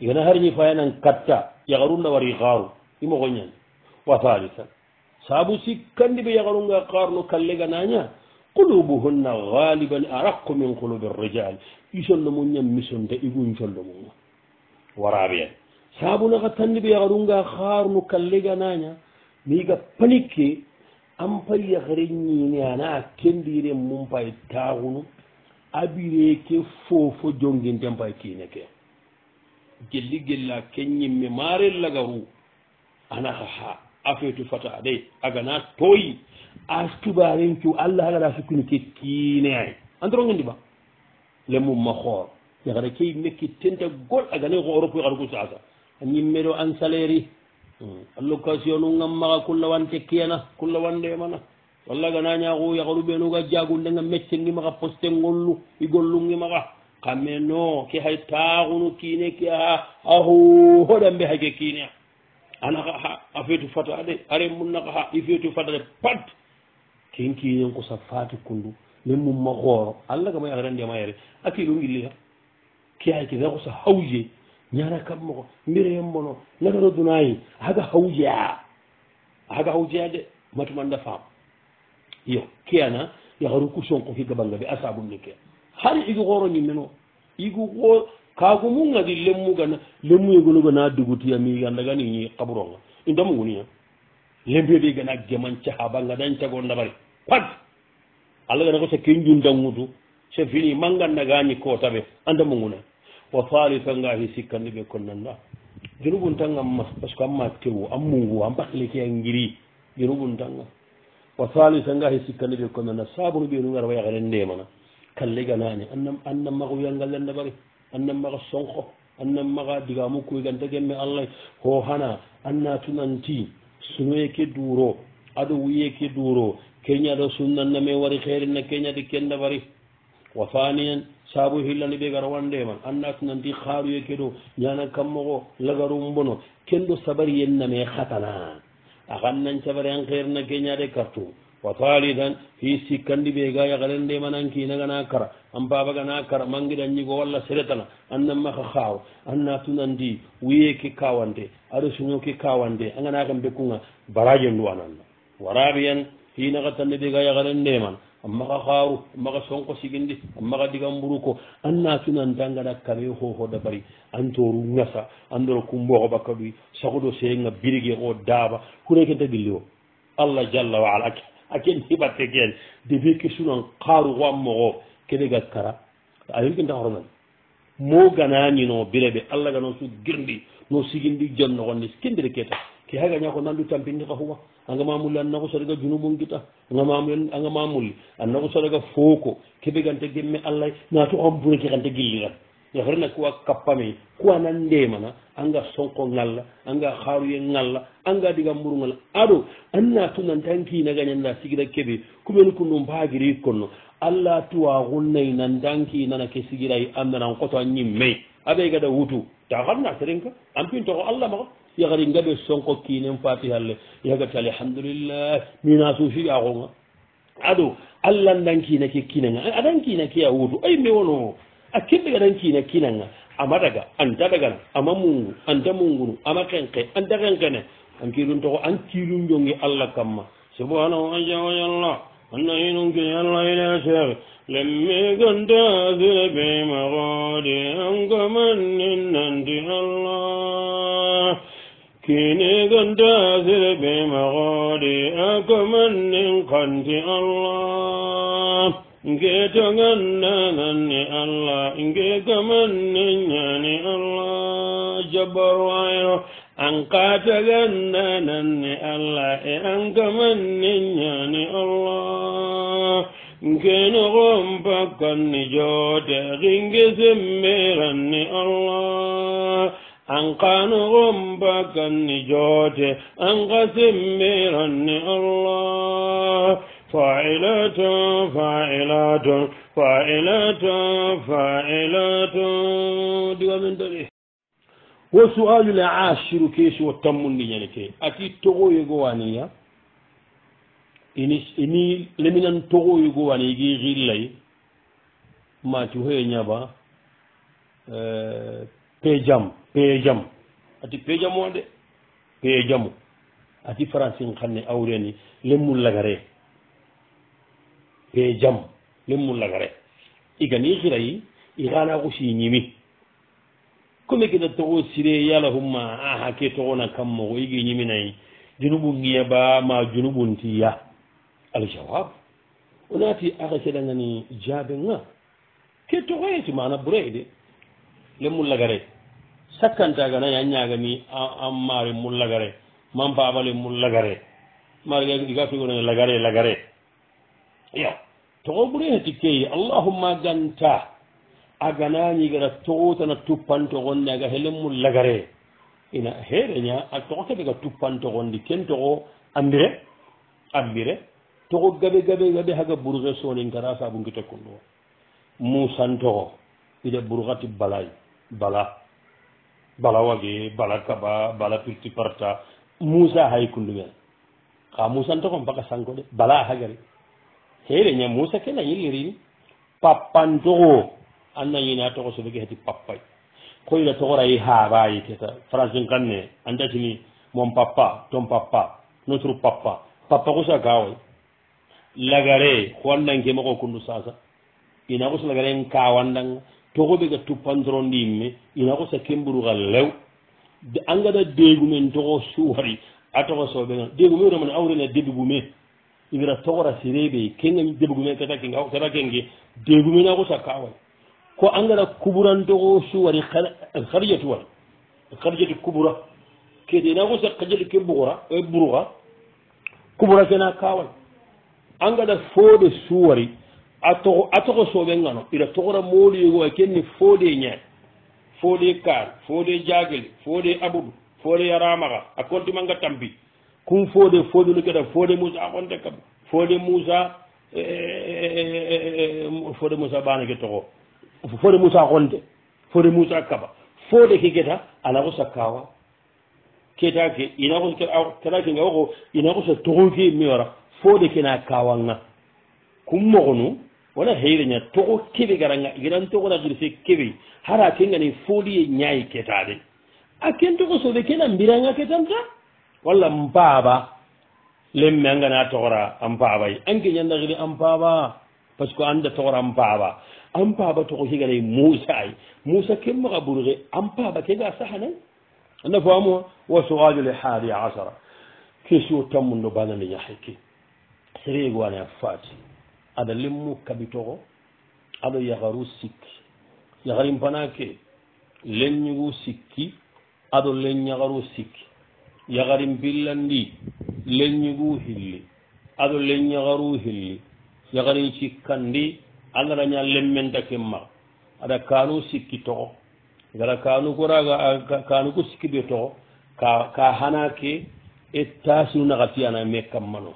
Speaker 1: igana harñi fayanan katta yaharunda wari haaru imogo ñan wa halisan saabu sikkandi ɓe yaharunga haaruno kallega naña qulubuhunna haliban araku min qulubi rijali isollo mum ñam misonta igun collo mumga waraɓeen saabunaka tanni ɓe yaharunga haarnu kallega naña miga panikke an paya harenñiini ana kendiren mum pay taahunu abireke foofo jonginten pay kiine ke gelli gella kenñimme maren lagaru ana haha afeetu fata de agana toyi a sibarencu allah agaɗa sikkuni ke kiine ay andorogendi ɓa le mumma xoor yahara key mekki tenta gol agana xooro fo yaharuku sasa a ñimme ɗo en salaire i hmm. a location nu gam maxa kulla wan tekkiyana kulla wan ndemana walla gana ñaxu yaxaru ɓenuga jagundenga métier ngi maxa poste ngollu i gollu ngi maxa kamme no ke xay taxunu kiine ke a axu hoɗambe xake kiine a ana xa xa a feetu fata de a re mun naxa xa i feetu fata de pat kin kiine ngusa faati kundu le mumma xooro allah gama yaxirandema yere a kiɗu ngilila ke xay kisa xusa xawje ñana kammoko mbire yembono nagaro dunayi haga hawjeya haga hawjeya de matumanda faam yo keana yaharu kusonko fi gabanga be asabum ni ke hari igu horo ñimmeno igu o kaagu mu ngadi lemmugana lemmu yegonugana dugutiya mi gandagani ñi kaburonga indamu nguniya lembeɓe gana geman caha banga dañ cago ndabari pat allah gana ko sa ke jundangudu so fini mangandagañi kotaɓe andamu nguna wa halisa nga hi sikkanni ɓe konnanga jurubun tan gam mas par ce que amma tewo ammungu am ɓaɗleke an giri jurubun tanga wa halisa nga hi sikkanni ɓe konnanga sabunu ɓe nugara wayakere ndemana kalleganani annam annam maga wiyalngal lendabari annam maga sonko annam maga diga mukkuy ganta gemme allah ho hana anna tunanti sunoyeke duro aɗo wiyeke duro keñaɗo sunnanna min wari xeerinna keñaɗi kendabari wa faniyan saabu hillani ɓe gara wande man annasinanti haaruye keɗo ñanan kammoxo lagarum bono kenɗo sabari yenname xatana axan nan cabari an xeerna keñade kartu wa talidan fi sikkandi ɓe ga yaxarende manan kinagana kara an baba gana kara mangiɗan ñigo walla seretana annan maxa xaaw anna tunandi wuye ke kawante aɗo suño ke kawante a ganaxen ɓekkunga baraje nduwananna warabiyan fi naxa tande ɓe ga yaxarende man maxa xaaru maxa sonqo siginɗi maxa ɗigamburu ko anna tunan dangaɗa kame xooxo dabari antoru ngasa andoro cumboxo ɓakka ɗuy saxuɗo seenga birigue xo daaba kureken ta gilli o allah jalla waala a ken hiɓatte keen defi ke sunan xaaru xo amoxo keɗega kara ayon ken taxoronan mo gananino bireɓe allah gano su girɗi no siginɗi jonnoxonni kendire ketax ke haga ñako nandu tampindi ka xuwa anga mamulli an naku soɗaga junubun gita anga mamuli anga mamulli an naku soɗaga foko keɓe gante gemme allah natu on bure ke gante gilliran yaxorena kuwa kappame kuwa nan ndemana anga sonko ngalla anga xaruye ngalla anga diga mburu ngalla aɗo an natu nantan kina gañanna sigira keɓe kuɓeni kundu mbagiri konno allah tuwa xunnay nantan kinana ke sigiray andana n qoto a ñimmey aɓe gada wutu ta xarna serenka anpin toxo allah maxa yahari ngaɓe sonko kinen fatihalle yagati alhamdulillah mina suufiɓe axonga aɗo allah ndan kina ke kinanga aɗan kina ke a wutu ay mi wono a keɓɓe aɗan kina kinanga ama daga anta dagana ama mungu anta mungunu ama kenke anta kenkene an kirun toxo an
Speaker 2: kirun jongi allah kamma subhanahu aja wajalla annahinunkei allah ila cheikh lemmi ganta sebe maxodi an kamanninanti allah kini ganda sere be magode akoman nin kanti allah nge to ganda nanni allah nge kaman nin nyani allah jabar wayo an kata ganda nanni allah e an kaman nin nyani allah nge no gompa kanni jote ringe semmeranni allah an kanu gumba kanni jote an kasimmiranni allah fa'ilatu fa'ilatu fa'ilatu fa'ilatu diwa min dole
Speaker 1: wo su'alu la ashiru kesu wo tammundi ñaneke
Speaker 2: ati togoye
Speaker 1: go waniya ini ini leminan togoye go wani igi xillay mati hoye ñaba eh, pe jam peeye jamu ati peeye jamu o de peeye jamu ati francin xanne awre ni lemmul lagare peeye jamu lemmul lagare igani xirayi ixaana xusi ñimi comme gina toxo sire yalahumma aha ke toxona kam moxo igi ñiminayi junubu ngiya ba ma junubunti ya aljawab onati axa seɗangani jaabe nga ke toxoyeti mana bureyi de lemmul lagare sakkantagana yanñagami an maari mun lagare man babale mun lagare maarigaigatugonani lagare lagare iyo togo ɓuri heti keyi allahumma ganta a ganañi gara togotana tuppantogonde aga helen mun lagare ina hereña a togo keɓega tuppantogondi ken togo ambire ambire togo gabe gabe gabe haga bourge sonin gara sabunkite kunɗo musantogo ida bourgati balay bala, bala. bala wage bala kaba bala pirti parta moussa hay kundumen ka musantokon baka sanko de bala hagari heyreña moussa ke nañilirini pappantoxo an nañina toxo sobeke heti pappay koyla toxoray habayi teta francin kan ne andatini mon pappa ton pappa notre pappa pappa kusa kawoy lagare xowannanke moxo kundu sasa ina kusa lagare n kawandanga togoɓega tuppandorondi yimme ina xosa kemburuxa lew angada deegumen toxo suwari a toxo soɓega deegume ramana awrena debigume ibira toxora sireɓe kega debgume kata kenge deegume na xosa kaway ko angada kuburan toxo suwari xarjatuwar xarjatu kubura kete na xosa xajatu ke buxora buruxa kubura kena kaway angada fooɓe suwari a toxo a toxo sooɓe ngano ira toxora moolugoa kenni fooɗe ñaan fooɗe kaar fooɗe jaagele fooɗe aboudou fooɗe aramaxa a contimanga tampi kum fooɗe fooɗunu keɗa fooɗe moussa xonte kam fooɗe moussa fooɗe moussa ɓaanake toxo fooɗe moussa xonte fooɗe moussa kaba fooɗe ke geta anaxo sa kawa keta ke inaxo keta ke nga woxo inaxo sa toxu ke mi wara fooɗe ke na kawanga kum moxonu wona heyreña togo keɓe garanga iganan togonaxiri se keɓe hara kengani folie ñayi ketade a ken togo sove kena mbiranga ketanta walla mpaaba lemme angana togora ampaabay anke ñandaxiri ampaaba par ce que anda togora mpaaba ampaaba togo kegana moussay moussa ke maxa ɓurxe ampaaba kega saxanan anda famoa wa sogaju le hadi asara kesio tammu no bananeñaxeke sereegoanea fatie aɗa lemmu kabitoxo aɗo yaxaru sikki yaxarin pana ke lenñugu sikki aɗo lenñaxaru sikki yaxarin pillandi lenñugu hilli aɗo lenñaxaru hilli yaxarin cikkandi allaraña lemmenta ken ma aɗa kanu sikki toxo gara kanu koraga kanuku sikki ɓe toxo ka xana ke e tasinu naxatiyana me kammano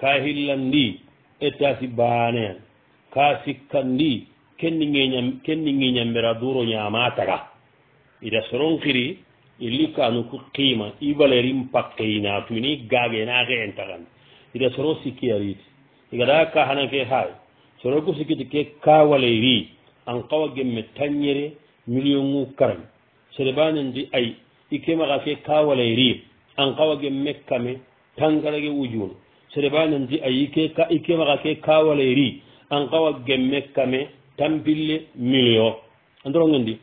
Speaker 1: ka hillandi ettasi baane en ka sikkandi kenniŋeñam kenniŋiñam mbera duro ñamataga ida soronkiri illikanu ku qiima i valerin pakkeinatu ini gaagenaxe en taxan ida soro sikkiyariiti igada ka hanake haay soroku sikkiti ke ka waleyri an qawa gemme tanñere millionŋu karam sedebanenti ay i ke maxa ke ka waleyri an qawa gemme kame tangarage wujuna serebananti ayi ke ka ike maxa ke kawaleri an xawa gemme kame tampille milio antorongendi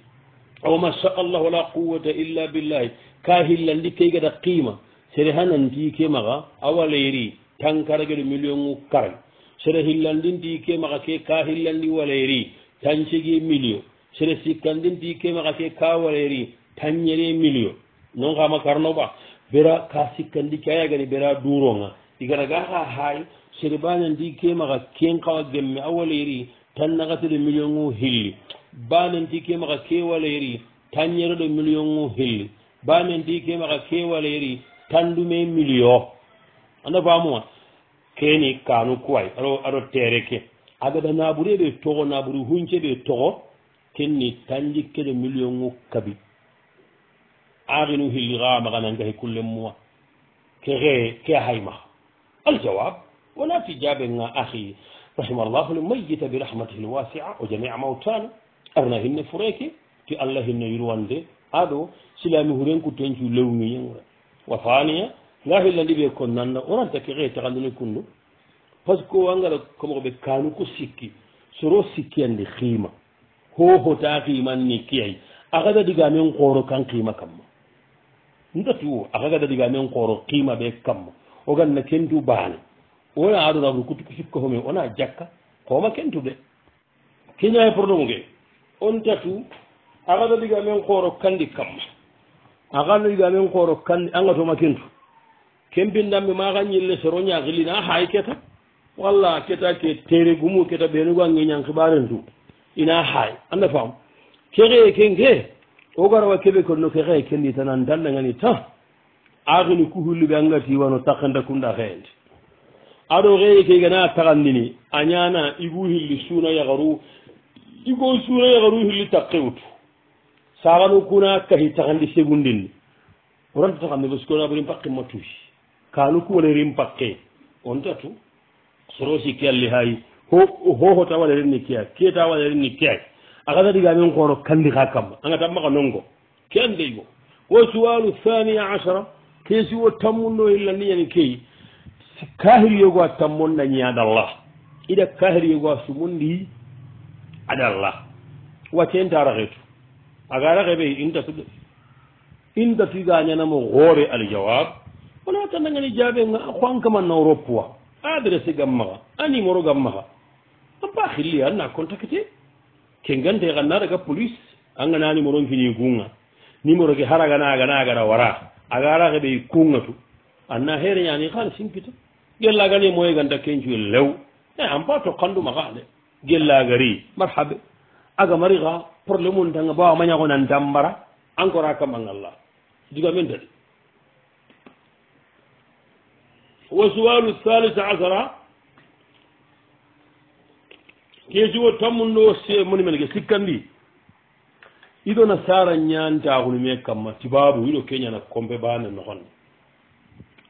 Speaker 1: awa massa allah wala quwata illa billahi ka hillandi ke igata qima sere ha nanti ike maxa awaleri tankaragedo million u karay sere hillandinti ike maxa ke ka hillandi waleri tancegi milio sere sikkandinti ike maxa ke ka waleri tanñere milio non xama karnoba bera ka sikkandi ke ayagani bera duronga igara ga ha hay sérbane ndi ke maxa ken xawa gemme a waleyri tan naxatire million ŋu xilli bane ndi ke maxa ke waleyri tan ñereɗo million ŋu xilli bane ndi ke maxa ke waleyri tan ɗume million anda famuma keni kanu kuway aɗo aɗo tere ke a gada naɓure ɓe toxo naɓuri hunce ɓe toxo kenni tan jikkeɗo million ŋu kabi axinu xilli xa maxa nangahi kullen muwa ke xe ke hay maxa aljawab wona fi jaabe ga ahi rahimallahu l mayita birahmatihi lwasia o jami a mawtano arna hinne fureke ti allah hinne yurwande aɗo silami hurenko tencu lewnu yenre wa faniya nga hilla ndiɓe ko nanna onantake xe taxandene kunno par ce que wangara komoxoɓe kanu ko sikki soro sikkiyandi xiima hohota xiiman ni kiyay axa gadigamen xooro kan xiima kamma ndatu axa gadadigamen xooro xiima ɓe kamma o ganna kentu baane wona aɗonaɓru kutuko sikka homin wona jakka koma kentuɗe keña e probléme ge on tatu aɗata ɗiga men kooro kandi kamma aɗata ɗiga men kooro kandi angatoma kentu kembindanmi makan ñille soroña xilina haay keta walla keta ke tere gumu keta ɓenugo ange ñang xiɓaren tu ina haay anda faam kexeye ken ke o garawa keɓe konno kexeye kendi tanan dandangani tan aarini kuhulli ɓe angati wano takanda kunɗa heende aɗo heeye keygana taxandini a ñana igu hilli suuna yaharu igo suuna yaharu hilli takqewtu saxanu kuna kahi taxandi segundinni oranta taxandi parce que onaɓorin pakqi ma tuy kanu kuwalerin pakqe ontatu soro sikki alli hay hohota walerin ni kiyay keta walerin ni kiyay aga sadigamen xooro kandixa kamma angatammaxa nongo ke andeygo wa sual thania achara keesi wo tammunno illa niyani keyi kahir yogo a tammonda ñaada llah iɗa kahir yogo a sumondi aɗa llah waceenta raxeetu aga raxeɓe intatu de intatu ga ñanamo xoore aljawab wala tandangani jaabe nga a xoankama nawro poix adresse gam maxa a numéro gam maxa an pa xilli anna contacte kengante xannaa daga police angana numéro fini gunga numéro ke xaragana agana agara wara agaraka ɓe kungatu anna hereñani hal simpita gellagari moye ganta kencuye lew e anpa tokkandumaka de gellagari marhabe aga mari ka probléme on tanga bawa mañako nan tambara encore a kamangalla digamen tadi wa suwalu halit asara kecuwo tammundo se moni men ge sikkandi iɗo na sara ñantahunume kamma tibabu iɗo keñana compe bane nohonde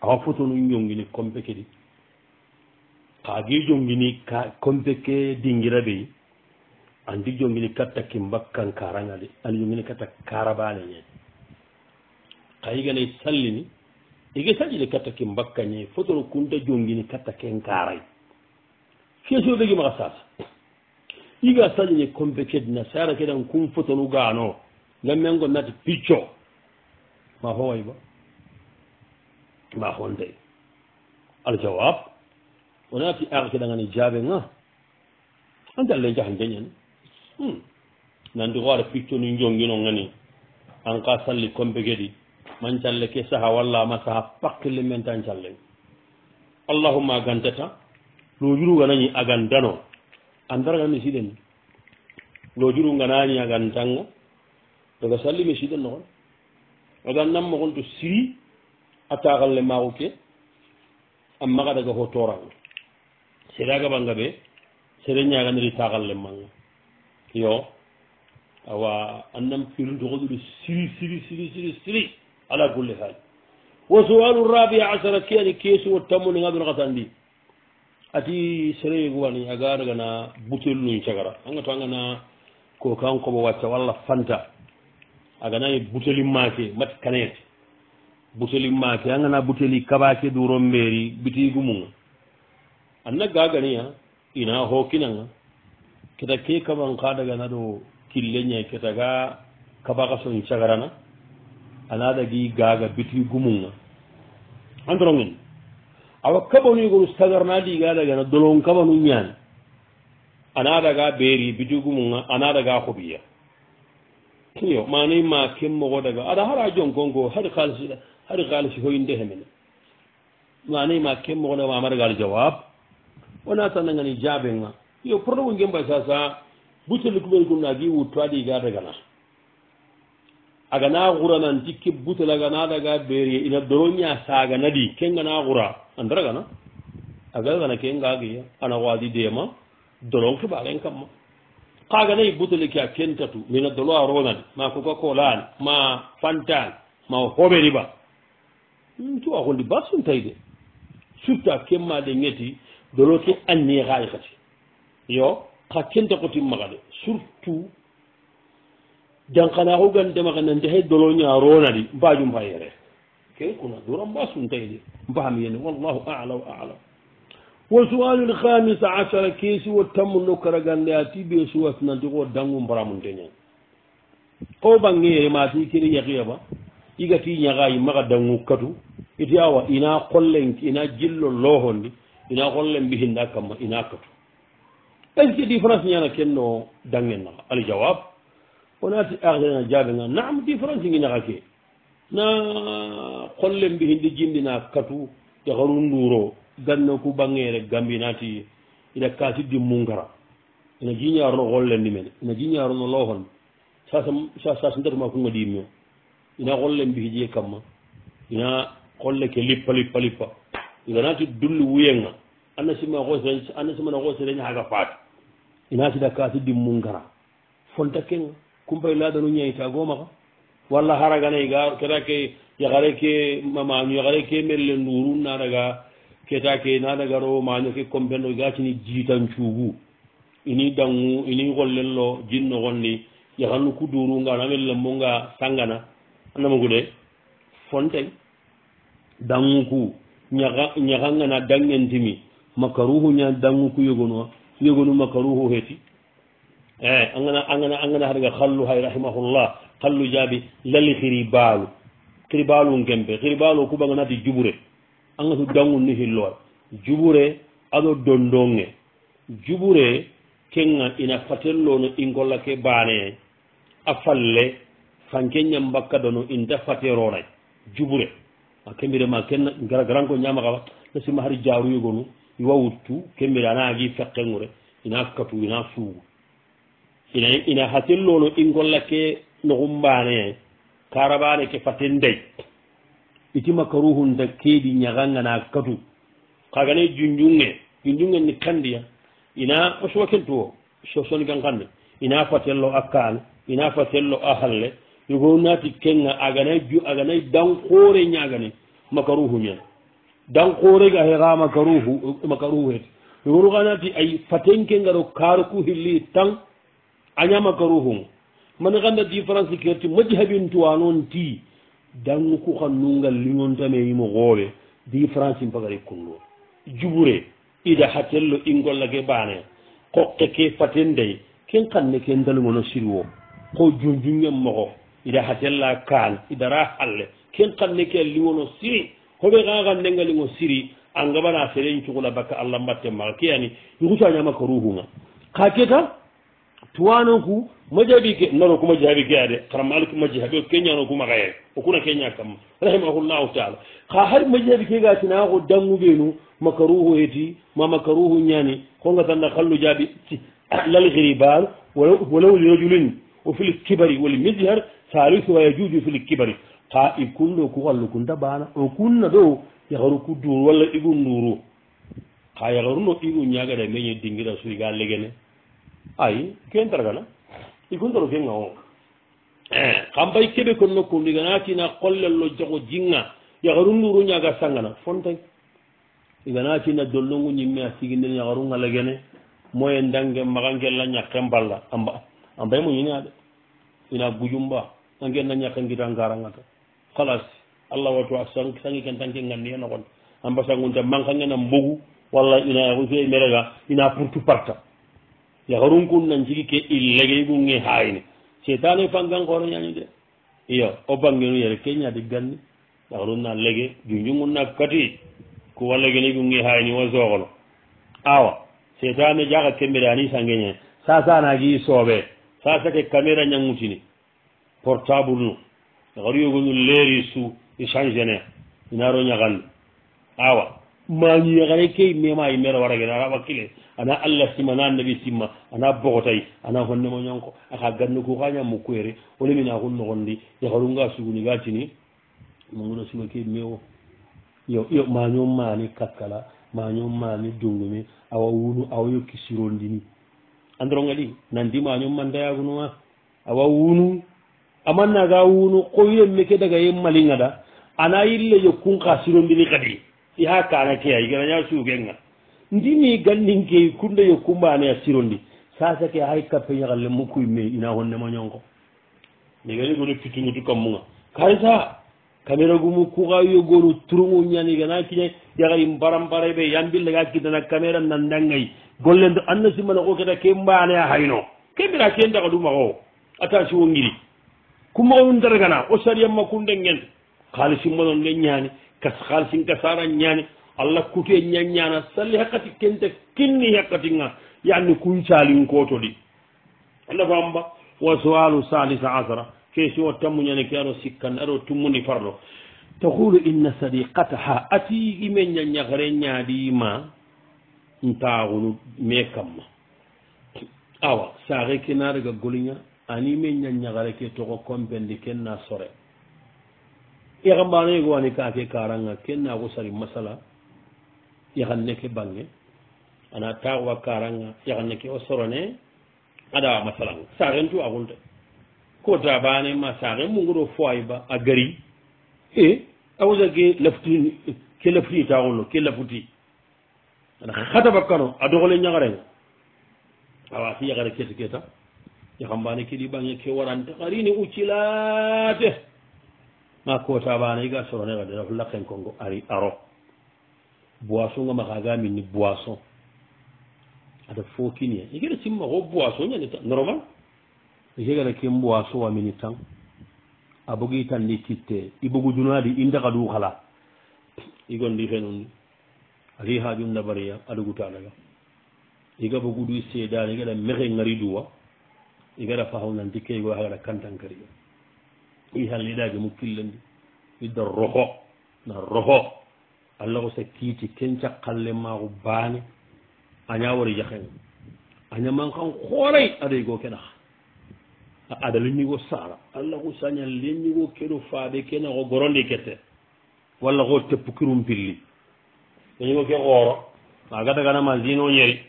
Speaker 1: awa foto nu jongini compe kedi kaagi jongini compe ke dingira ɓeyi andi jongini katta kimbakkan karagade andi jongini katta karabane ñen kayiganay sallini ege saƴide katta kimbakka ñe foto no kunta jongini katta ken karay fiesoɓegi maxa sasa iga sañine compe kedna sara keɗan kum fotonu gaano gammen go nati picco ma howoy ba ma hontay aljawab onati ar keɗangani jaabe ga ante allah jaha jeñan hmm. nandi hoore picco ni jongino ngani an ka salli compe kedi man calle ke saaha walla ma saaha pakkille men tan calle allahumma ganteta lo juruga nañi agandano andara gan mi siɗenni lojuru nganani a gan tanga daga salli mi siɗen noxon a gan nam moxon to siri a taxal le maaxu ke a maxa daga fo toraga sere a gaɓanga ɓe sere ñaganiri taxal le manga iyo awa an nam firntoxoɗuɗo siri siri siri siri siri ala gulle saaƴ wo sowalu rabi a asara ke ani keesuwo tammo ni nga ɗon xa sandi ati sereyo gowani agaragana butel nun cagara anga to angana ko kankoɓo wacca walla fanta aganayi e buteli maake mat kanete buteli maake angana buteli kabake duron mbeeri bitigu munga anna gaganiya ina hokkinanga keta ke kaban ka dagana ɗo kille ñe ketaga kabaka son cagarana anaɗagi gaga bitigu munga androngen awa kabanuygonu sagarna diga dagana dolon kabanu ñaan ana daga beeri bijugumuga ana daga hobiya yo manai ma ken mogo daga ada hara jonkonko hari kalisi hari kalisi hoyinde hemene manai ma ken mogo daga mama dagal jawab wona tandagani jaabenga yo prodomu gembay sasa butelli kuɓeli gumnagi wuttu adiga dagana agana xurananti ke butelagana daga beerie ina doroña saganadi ke ngana xura andaragana agaragana ke ngageya ana xoadi deema doron ke ɓaaren kamma xaganayi butele ke a kentatu mena dolo a ronan ma coca cola an ma fantan ma hoɓeni ɓa tu a xondi basun tay de surtout a kemma ɗengeti doloke anni xaali xati yo xa kentaxotin maxa de surtout jangkana ho gan dema kan nan tehe dolo nya rona di ba jum ha yere ke kuna duram ba sun tay di ba mi yene wallahu a'la wa a'la wa su'al al khamis 'ashar kisi wa tam no kara gan de ati be su wat nan di ko dangum bara mun de nya ko bangi e ma ti kiri ya qiyaba iga ti nya gayi maga dangu katu iti awa ina kollen ina jillo lohondi ina kollen bi hinda kam ina katu est ce que difference nya na kenno dangen na al jawab wonaati ardena jaabega naam différence ngi naxa ke na qolle mbi hindi jimdina katu yaxaru nduro ganna ku bangeere gambi naati ina kaasiddi munkara ina jiñaaruno qollendi mene ina jiñaaruno lowhon sasasasndatuma kunga diimio ina qolle mbi hiji kamma ina qolle ke lippa lippa lippa iganaati dulli wuyenga anna sima xo sere anna simana xo sereñaxaga faat ina sida kaasiddi munkara fonta kenga kumpay laadanu ñeyta goomaxa walla haraganay ga keta ke yaxare ke mamaanu yaxare ke melle nduuru naadaga keta ke naadagaro maano ke compeno ga cini jiitan cuugu ini dangu ini xollen lo jin noxonni yaxannu ku duuru nga namelle monga sangana anamugude fontay dangu ku ñaxangana dangentimi makaruhu ña dangu ku yogonuwa yogonu makaruhu heti eyi agana agana agana haɗaga hallu hay rahimahullah hallu jaabi lali xiri baalu xiri baalu gempe xiri baalu o kubaganati juɓure agatu dangu ni hilloor juɓure aɗo dondonge juɓure kenga ina fatelloono ingollake baane a falle fanke ñambakka dano inta fateroonay juɓure a kembirema kena garanko ñamakaa nasima hari jaaru yogonu iwawuttu kembire anaagi feqqe ngure ina katu ina suugu ina ina hasilloono in gollake no xumbaane karabaane ke faten day itima karuhun da keedi ñaganga na katu xagane junjunge junjunge ni kandiya ina osuwakentu o sosoni kan kanne ina fatello a kaan ina fatello a halle yogo naati kenga agana ju agana danxoore ñagane makaruhu ñen danxoore ga hexa makaruhu makaruhu het yogonu xanaati ay fatenkengaro kaaru ku hilli tan añama karuhum mani xanna différence kerti majhabintuwa noon ti dangu ku xa nungal liŋontame yimo xoowe différence im pagari kundu jubure ida xatello i ngollake baane qoqe ke faten dey ken xanne ke ndalungono sirwo ko junjungen moxo ida xatella kaan idara xalle ken xanne ke liŋono siri hoɓe xa xannenga liŋo siri angabana sereñ cuxula bakka allah mbatte maxa ke yani yuxu cañama karuhunga xa ke ta tuwanon ku majaɓi ke nano ku maji haɓi geya de kara maliki maji haɓi keñano ku maxayay o kuna keña kamma rahimahullahu taala ha har majaɓi ke ga tina ko dangugenu makaruhu heti ma makaruhu ñani konga sanna kallu jaɓi lal hribal walaw li rajulin o fili kibari wali misihar salisu waya juuju fili kibari ha i kunɗo ku xallukun da bana o kunna ɗo yaxaru ku duru walla igu nduru ha yaxaru no igu ñagada meñe dingira suyga legene ayi kentargala igundoro genga o kambay keɓe kon nokkum ɗiga natina qollello jogo jinga yakaru nduru ñaga sangana fontay iga natina dollongu ñimme a siginden yakaru ngala gene moye dange magangella ñakke mballa amba ambay mo ñina de ina gujumba angena ñakke ngita ngarangata halas allah wato a sangi ken tanke ganni enokon amba sangunta manka ngena mbogu walla ina fe merega ina pour tout parta yaharun kun nan jigi ke illege gunge hayne setane fangan koro nyani de iyo o bangenu yere kenya de ganni yaharun na lege junjungun na kati ku walege ni gunge hayni wa zogolo awa setane jaga kemira ni sangenye sasa na gi sobe sasa ke kamera nyangutini portable no yaharu yugunu leri su ishanjene inaro nyagal awa mani yagare kee mema imera waragena rabakile ana allah sima na annabi simma ana bogotay ana honnema ñonko aka ganna ku kaña mukkuyere olemina kun nogondi yaharunga suguni ga tini mangono sima ke mewo yo yo mañom mani kakkala mañom mani dungumi awa wunu awa yokki sirondini andronga ɗi nandi mañom mandayagunuma awa wunu amannaga wunu koyiremme ke daga ye malinga da ana yille yokkun ka sirondini kadi iha kana ke ay gana ña sugenga ndimi gandinkeyi kunde yo kumbane a sironndi sasake hay kappeñakalle mukkuy mey ina honnema ñongo negani gono pitugutu kammuga kare sa caméragu mukku ka yogoru turugu ñani gana kiña yakay mbarambaray ɓe yambille ga kiddana caméra nandangay gollendo anna simana ko keta ke mbane a hayno ke mbira ke ndakadumaxo attention ngiri kumaxoyum dargana o sariyamma kundengen xaalisimmanonge ñani kas xaalisin kasara ñani allah kutue ñañana salli hakkati kente kinni hakkati ga yanni kuy salinkotoɗi nafamba wa soalu salisa asara keesi o tammuñani ke aɗo sikkanne aɗo tummundi farɗo taqulu inna sadikata ha ati ime ñañakre ñaaɗima ntaxunu me kamma awa saxe ke na rega goliña ani me ñañakare ke toxo compendi ken na sore ixambanoyegowani kake karanga ken na xu sari masala yahan neke bange ana taxwa karanga yahan neke o sorone adawa masalang saren tu axunte ko tabane ma sare mugudo foyi ba a gari e awusa ke lafti ke lafti taxunno ke lafti ana xatabakkano a doxole ñaxarenga awa fi yaxare kete keta yaxambane keɗi bange ke warante xarini ucilate ma kotabane iga sorone xa de laf laken kongo ari aro boisson nga maxagami ni boisson ada fookinia jegeda sim maxo boisson ñanita normal jegeda kim boisson wa mini tan a bogi tan ni titte i bogu junadi i ndaxadu xala i gondi fenun ali hajum ndabariya adugutanaga iga bogu du sedan igeda mexe ngari duwa igeda faxawnanti keygo agada kantankariya i halliɗage mu killandi idda roxo na roxo allah ko sa kiiti ken cakkalle maako baane aña wori jahen añaman kan hooray aday goo keɗaa a ada lenñigo saara allah ko saña lenñigo keɗo faade kena ko gorondi kette walla ko teppu kirum pilli lenñigo ke ooro ma gadaganama zino ñeri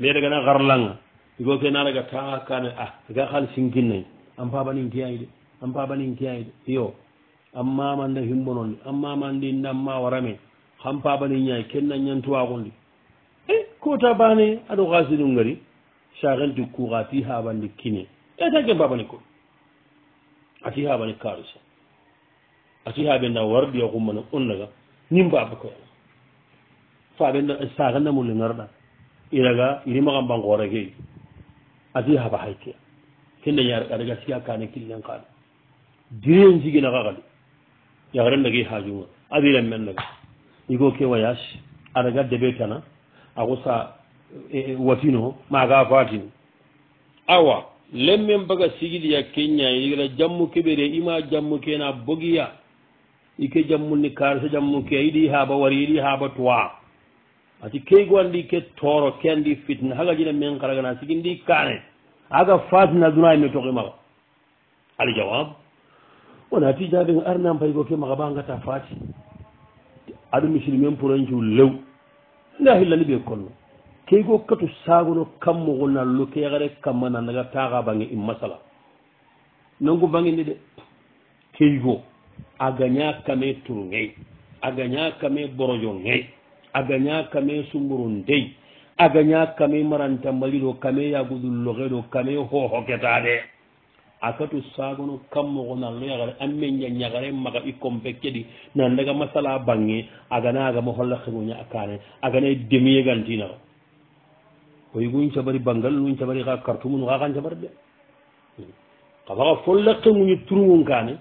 Speaker 1: mbiyede gana harlanga igoo ke naaraga taa kane a ah, ga haal sinkin nayi an paabanin kiyayi de an paabanin kiyayi de iyo an mamanda himbononde an mamandi ndam ma warame xam pabani ñaay ken na ñantuwaagondi e kota bane aɗo xasinu ngari sarenti cour ati habandi kine eta ken babani ko ati habani kaalisa ati haɓenda wardiya xummana on naga nim baba koy faɓenda e, sarenda mule ngarɗa iraga irimaxam banxooregey ati haba hayke kenda ñar aɗaga siga kane killen xaali dirien jiginaxa xadi yaxren ndagi hajunga abiren men naga igo ke voyage adaga deɓe tana axusa e, e, watino maga fatin awa lemmen baga sigilya kenya igala jammu keɓere ima jammu kena bogiya ike jammuni karsa jammu ke iɗi haba wari iɗi haba toa ati keygo andi ke toro ke andi fitna hagajina men karagana sigi ndi kane aga fatina duna me toximaga ali jawab wona ti jaɓe arnampaygo ke maga ba gata fati aɗa misiri men poranciu lew ngahillani ɓe kolno keygo katu sagono kammogo nallo keyakare kamma nandaga taaka bange in masala nangu bangini de keygo a gaña kame turu gay a gaña kame borojo gay a gaña kame sumburu ndey a gaña kame maranta maliɗo kame yagudullo xeɗo kame hoho ketaɗe a katu sagono kammogonallo yagare an men ña ñagare maga i compe kedi nan daga masala bange agana agama holla xegoña a kane agana demiye gantinaxa ko yigun cabari bangal nun cabari xa cartumunu xa xan cabari de xafaxa folla xenguñi turungun kane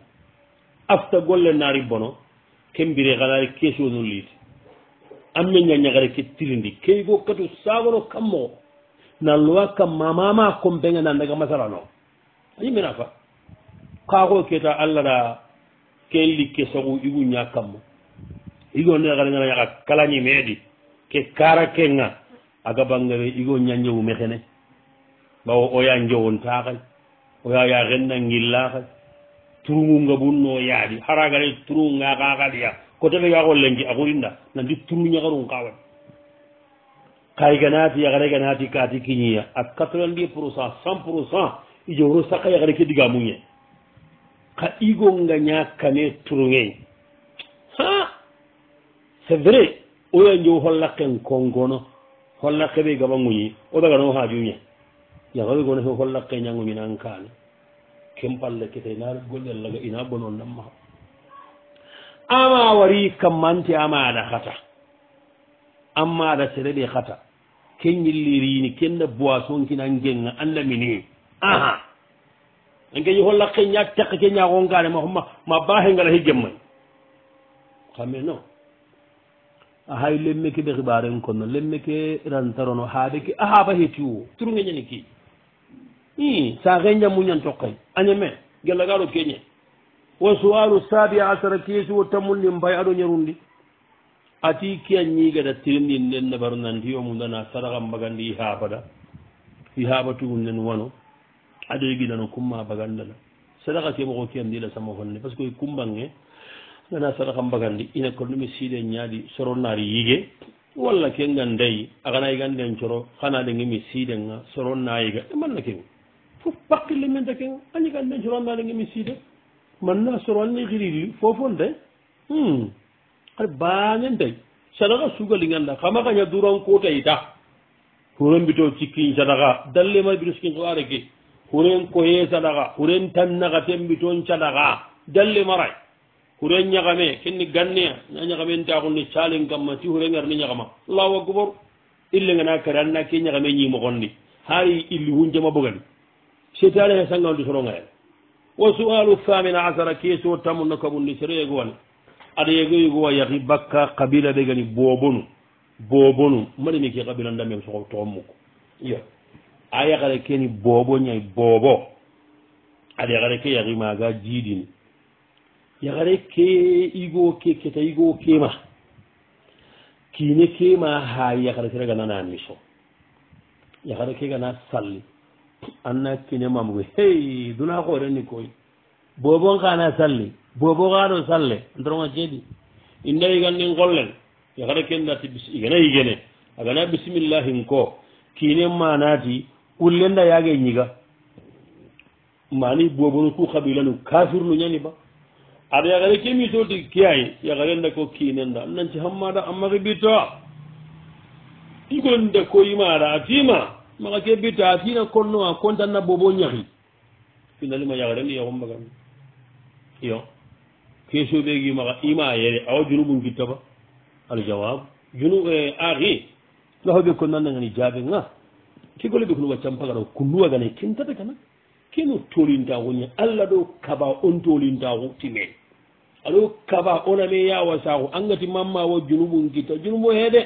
Speaker 1: afta golle nari bono ke mbire xanari kesono liti an men ña ñagare ke tirindi ke yigo katu sagono kammoxo nan lowa kam mamama compenga nan daga masala noo yimina fa kaako keta allah da kelli ke sogu igu ña kamma igo nde xara ngana ñaka kalañi meedi ke kara kenga aga bangare igo ñañewu mexene bawo oya njowon taxay oya ya xenna ngillaxay turungu nga bunno yaadi xaragare turunga xaxadiya coté fe ga xo lengki a xurinda nandi turu ñaxarun xawan xay ganaati xare ganaati kaati kiñiya a quatre vingt dix pour cent cent pour cent ijowro sakka yakhare keddiga muñe kha igo nga ñakane turngey ha c'est vrai oya njow hollaken konngono hollakeɓe gaba ŋuñi o daga no hajuñe yakhawe gono he hollake ñaŋuñinankane kem palle kete ina gollellaga ina bono namma ama wari kammanti amaada hata amaada sereɓe hata ken ñilli rini kenna boisson kinan genga anda minie aha enge yeho lakke ña teke ke ñaxo ngane ma ma ma baxe ngara hegem may xame no axay lemme ke ɓe xibaren kono lemme ke rantarono xaɓe ke axaɓa heti wo turngeñani ki i saxe ñamuñan tokay añeme gelagaro keñe wa suwaru sabi asara kesi wo tamundi mbay aɗo ñarundi ati kiya ñigeda tirindin nden nebaro nandi yo mundana saraxa mbagandi i xaɓada i xaɓa tugu nden wano aɗo yeginano cumma bagandana sadaka keɓoko kiyam ndila samma fonne par ce que koye cumbange gana sadaka mbagandi ina kon ɗumi siide ñaadi soronnaari yige walla kenga ndayi akana yigandeen coro xanaade ngemi siidenga soronna yiga e manna kenga fo pakkille men ta kenga a yigandeen coro annaade ngemi siide manna soro anni xiriili foofonte hmm. ad baanen tay sadaka sugalinganda xama kaña duran kuutayita kurambito cikkin sadaka dallemaa biro sikin ko areke huren ko ye sadaka huren tannaka tembi toon sadaka dalle maray huren ñagame kenni ganneya na ñagame ntakunni calin kamma ti huren arni ñagama allahu akbar ille ngana kare anna ke ñagame ñimogondi hari illi hunjama bogani setani he sangawndi sorongaen wa sualu famine asara ke so tamunna kabunni sere yegowani aɗa yegoyegowa yaki bakka kabila ɓegani bobonu bobonu maɗimi ke kabila ndame sogo togon mukko iya yeah. a yaxare keni boobo ñay boobo ad yaxare ke yaxi maaga jiidin yaxare ke igo ke keta igo keema kiine keema ha yaxare kere gana na miso yaxare ke gana salli anna kine mamugo hey duna xooreni koy boobo nxana salli boobo xaano salle ntoronga ceedi inda yiganndin qol len yaxare ke ndati bis igana yigene agana bisimillahin ko kiine manati kullenda yaage ñiga mani boobono ku xabilanu kafir lu ñani ba ada yaxare ke mi toti kiyay yaxarenda ko kinenda nanci hammada amaxi bitta igonde ko imaada a fima maxa ke bitta a fina konno a contanna boobo ñaxi finalima yaxarendi yaxumbagan iyo kesoɓegi maxa ima yere awa junubu ngitta ba aljawab junu eh, axi laxoɓe konnandangani jaɓe nga kegole ɓe ko nuwa campagara ko nuwagane kentata kana keno tolintaku ña allah ɗo kaba on tolintaku time aɗo kaba oname yawa saku angati mamma wo junubu gitta junubu heeɗe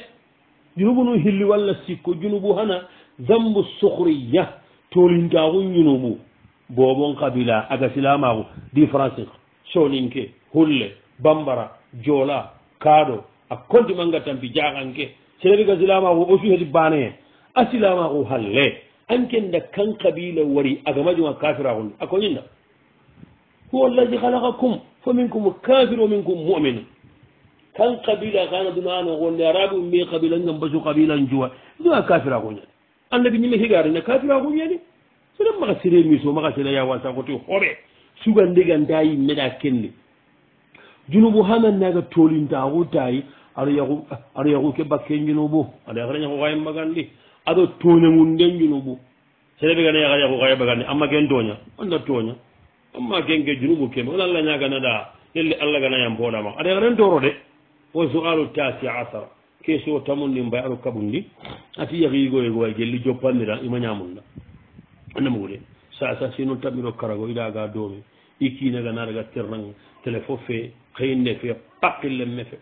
Speaker 1: junubu nu hilli walla sikko junubu hana zambu sukriya tolintaku junubu bobon kabila aga silamaku difference soninke hulle bambara joola kaaɗo a kontimangatampi jaakanke seneɓi ga silamaku osu heti baneen أسلام أو هل لا أنكن كان قبيلة وري أجمد ما كافر أقول هو الذي خلقكم فمنكم كافر ومنكم مؤمن كان قبيلة كان دمان وقول يا رب مي قبيلة نعم بس قبيلة نجوا ما كافر أقولنا أنا بني مهيج أرينا كافر أقول يعني سلام ما غسيري ميسو ما غسيري يا واسع قطع خوري سوغان ديغان داي مدا كيني جنوبو هامن ناغا تولين داغو داي أريغو أريغو كي باكين جنوبو أريغو غايم مغان لي aɗo toña ngun nden junubu seleɓegane yaxayaku xayaɓagane amma ken toña onda toña amma ken ke junubu keme ona alla ñaganaɗa lelle allah gana yam poɗama aɗa yaxa nen toro de wo soalu tasi asara keso tamundi mbay aɗo kaɓundi ati yaxiyigoyegowa gelli joppanmira ima ñamunna anamugude sasa sino tamiro karago idaga doome i kiinaganaraga terna telefo fe xeyinne fe paqillemme fe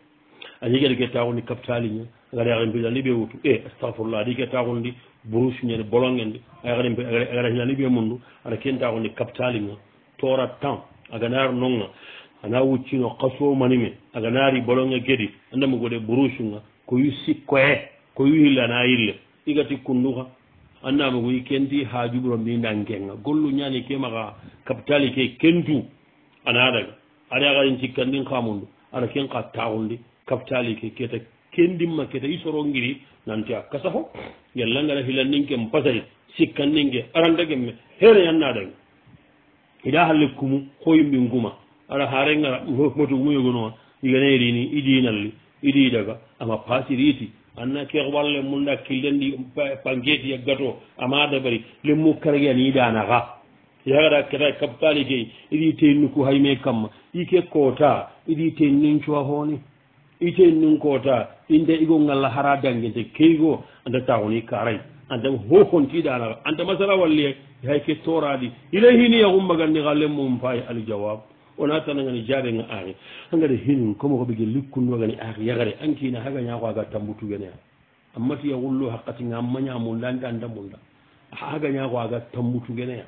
Speaker 1: a jegel ke taxuni kaptaliña agarexe mbila liɓe wutu e eh, astahfirullah adi ke taxundi brusiñade bolongende agara hila liɓe mundu aɗa ken taxundi kaptaliga toora tan aganar nonga ana wuccino qaso manime aganari bolonge gedi andama gode brusiga koyu sikkoye koyu yille ana yille igati kunduka andama goyi kenti hajuɓuro mbindan kenga gollu ñani kemaka kapitali ke kentu ana daga aɗa aɗin cikkandin xamundu aɗa kenka taxundi kaptali ke keta kendinma kete i sorongiri nanti a kasaho gellangana hilanninke mpasay sikkanninke arandegemme hene yannadange ida halle kumu hoyimbin guma ara harengara motu gumuyogonowa iganerini idinalli ididaga ama pasiriti anna kex walle munda killendi panketi ya gato ama dabari lemmu karege anidanaha yagara keta kapitali key idi tennuku hayme kamma ike koota idi tennincuwa honi iten nun kota inde igo ngalla hara dangente keygo anda tawoni karay anda hohontiɗana anda masara walliye hay ke toraɗi ila hini yahummagandi halle mum fayi aljawab ona tanagani jaɓega ari hagade hinin comme koɓe gue likkunnogani ari yagare ankina hagañakoaga tambutugeneya ammati yahullo hakkatiga ammañamunda anda anda munda hagañako aga tambutugeneya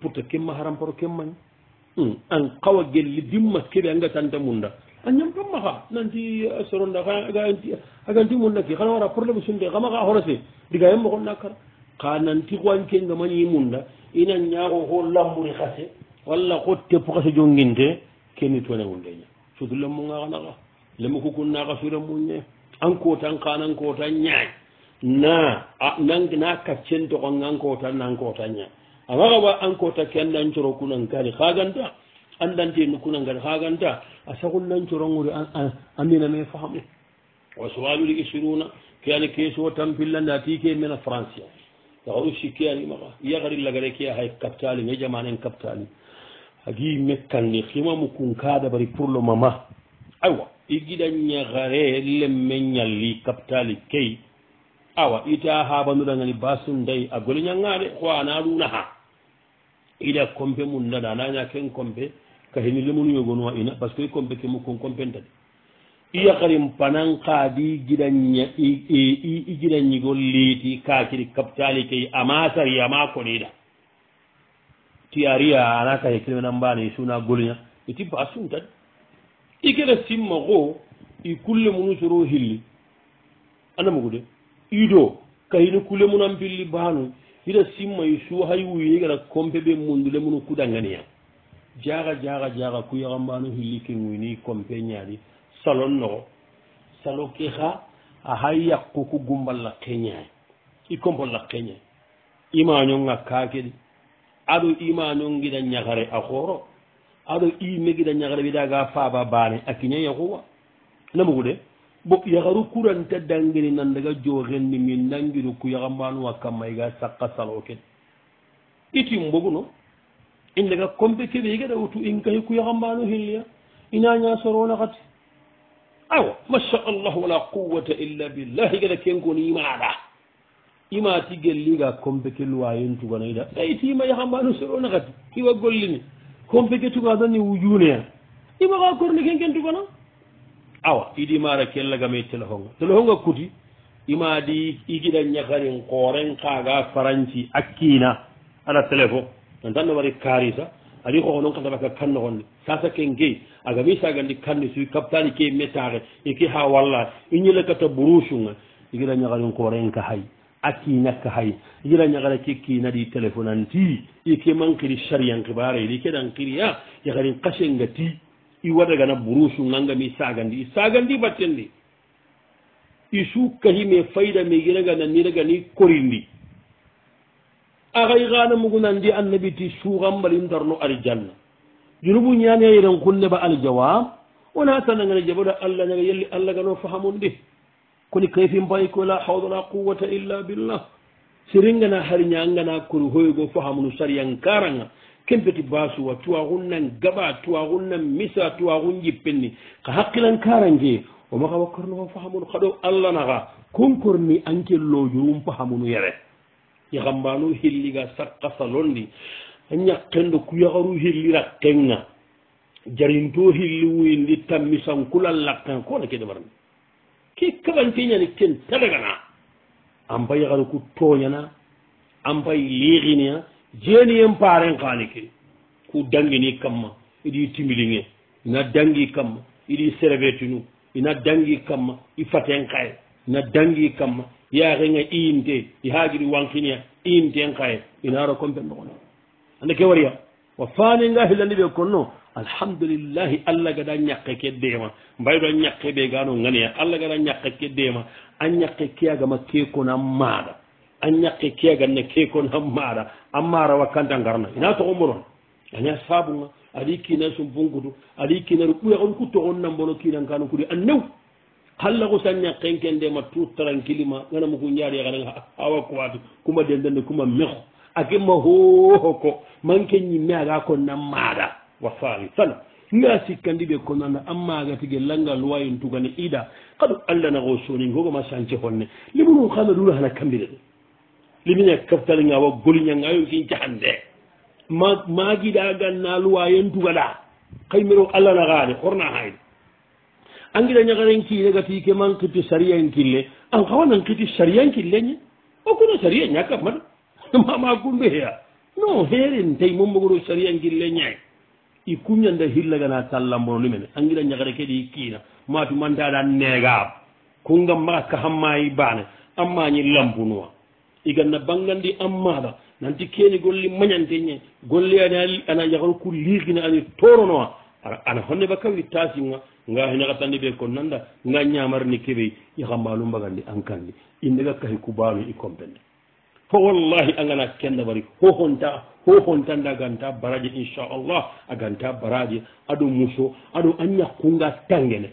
Speaker 1: pourtant kemma haramparo kemmani hmm, an kawa gelli dimma keɓe anga tanta munda a ñam tum maxa nanti soronda aganti aganti mun naki xana wara probléme sunte xama xa horose digayem moxon nakara xa nanti xuanke ngamañi munda ina ñaaxo xo lamburi xase walla xo tepp xase jonginte keni tonewundeña sutu lemmonga xana xa lemu kukun naxa sura muñe enkootan xanankoota ñaañ na a na kaccen toxonga nkoota nankoota ñaañ amaxawa enkoota ke andan coro kunangari xaganta andante nu kunangari xaganta a sagol nancu ronguri amina me faamu o sowaluri isiruna ke ani keesowo tampilla nde a tike mena france a yaka usi ke ani maka yakari lagare ke hay captali me jamane en captali agi mekkanni himamu kun kaada bari purlo mama aywa i giɗa ñakare lemme ñalli captali key awa ita habanuɗa gani basun dayi a gole ñangade ko ana ɗuna ha iɗa compe mum nada anaña ken compe kahini yogon wa ina par que i compe ke mukkon compentati iyakarin panan kadi gidannya i gidanyi golliti kakiri kaptali kai amasar ya mako ne da ana ka hekilme nan ba ne suna gulnya iti ba sun ta ike simma go i kulle munu suru hilli ana mugude ido kahini kulle munan billi banu ida simma isu hayu yigara kompe be mundule munu kudanganiya jaaxa jaaxa jaaxa ku yaxambaano xili ke ŋuini compe ñaari salo noxo salo ke xa axa yaqu ku gumba la qeñaay i compo la qeñaay imañonga kaake di aɗo imañongida ñaxare a xooro aɗo imegida ñaxare widaga faaba baane a kiña yaxuwa namugude bo yaxaru kuranta dangini nandaga jooxen ni min dangiru ku yaxambaanuwa kammayga saqqa salo ke di itim mbogu no illega compe keɓe geɗa utu in kay kuyaxambano hilya ina ñasoronaxati awa masha allah wala quwata illa billah geɗa kenkoni imaɗa imati gelliga compe ke lowi yentuganayda ɓeytima yaxambano soronaxati iwa gollini compe ke tugadani wujuneya imaxa korni kenken tugana awa idi mara kellagame telehonga telehonga kuti imadi igiɗa ñakarin xoren xaga faranci akkina ana telephone no danno wari kaari sa ari koko noon kata waka kanno honde sasa ken gueyi aga wi sagandi kanni soi kaptani ke métare iki e ha walla iñile e kata brouchenga igira e ñagarin korenka hay a kiinakka hay igira ñagara ke kiinaɗi téléphone anti ike manqiri sariyankibareyli ikeɗan qiriya ñagarin kasenga ti i waɗagana brouchengaanga mi sagandi i sagandi battendi i suukahi me fayida me giraga nanniraga ni korindi axay xana mugunandi annabi ti suxambalin tarno arijanna junubu ñaane yiren xunneba aljawa wona tanangene jaboda allah naga yelli allah gano fahamundi koni kayfimbayko la hawda la quwata illa billah siringana harñangana koni hoygo fahamunu sariyankaranga kempeti basuwa tuwa xunnan gaɓa tuwa xunnan misa tuwa xun jippinni xa haqqilankarange o maxa wakkarnoxo fahamunu xaɗo allah naxa konkorni anke lojurum fahamunu yere yakambanu hilliga sakkasa londi ñakkendo kuyakaru hillira kenga jarinto hilli wuyindi tammisan kula lakken kona kedemarni ke kaɓanteñani ken tadagana ampay xaru ku toñana ampay liiginia jeeniyen paren xaniki ku dangini kamma iɗi timilinge ina dangi kamma iɗi serevetinu ina dangi kamma i faten xaye ina dangi kamma yaaxinga iinte yahaajiri wanqinia iinten xaye inaaro compe ndoxono ande ke wariya wa faani nga filandi ɓe konno alhamdulillahi allah gada ñaqe ke deema mbayɗo a ñaqe ɓe gaano ngania allah gada ñaqe ke deema a ñaqe keagama keekona maaɗa a ñaqe keagane keekona maaɗa a maara wakkante a ngarna ina toxo moron aña saabunga aɗi kiina sum bunkutu aɗi kiinaru ɓuya on ku toxon nambono kiinan kano kudi a new halla ko sanne kenkendema tout tranquillema ganama ko jaari yakaranga awa kowatu kuma dendende kuma mekho akema hoho ko mankeñi meaga ko nan maaga wasali sana nga sikkandiɓe konana ammaga tigue langa loyen tugane ida kaɗo allah nako soni kogoma chance honne limunu kana lula hana kambire de limina kaftalinga wa goliñanga yo kin cahande ma magiɗa ganna loyen tugaɗa kaymero allah nakade horna hayde angiɗa ñagaren kiile gati ke man kiti sariyan kille an xawanan kiti sariyan killeñe o kuno saria ñakka mat mama gumbe heya non heren tay momɓogoro sariyan kille ñay i kuñanda hillagana tallambononi mene angiɗa ñagare keɗi kiina matumantaɗa neegaa kungam maxa kahammayi baane ammañi lampunuwa iganna bangandi ammaɗa nanti keni golli mañante ñe golle ana ana yagaru ku liiqina ani toronowa ana honne ba kawi tasinga nga henakatani ɓe ko nanda nga ñamarni keɓey yaha malum mbagandi an kandi indega e kahi kubanu i comprendre fo wallahi a gana kenda wari ho honta ho hontande a ganta baraje inchallah a ganta baraje aɗo muso aɗo a ñakkunga tanguene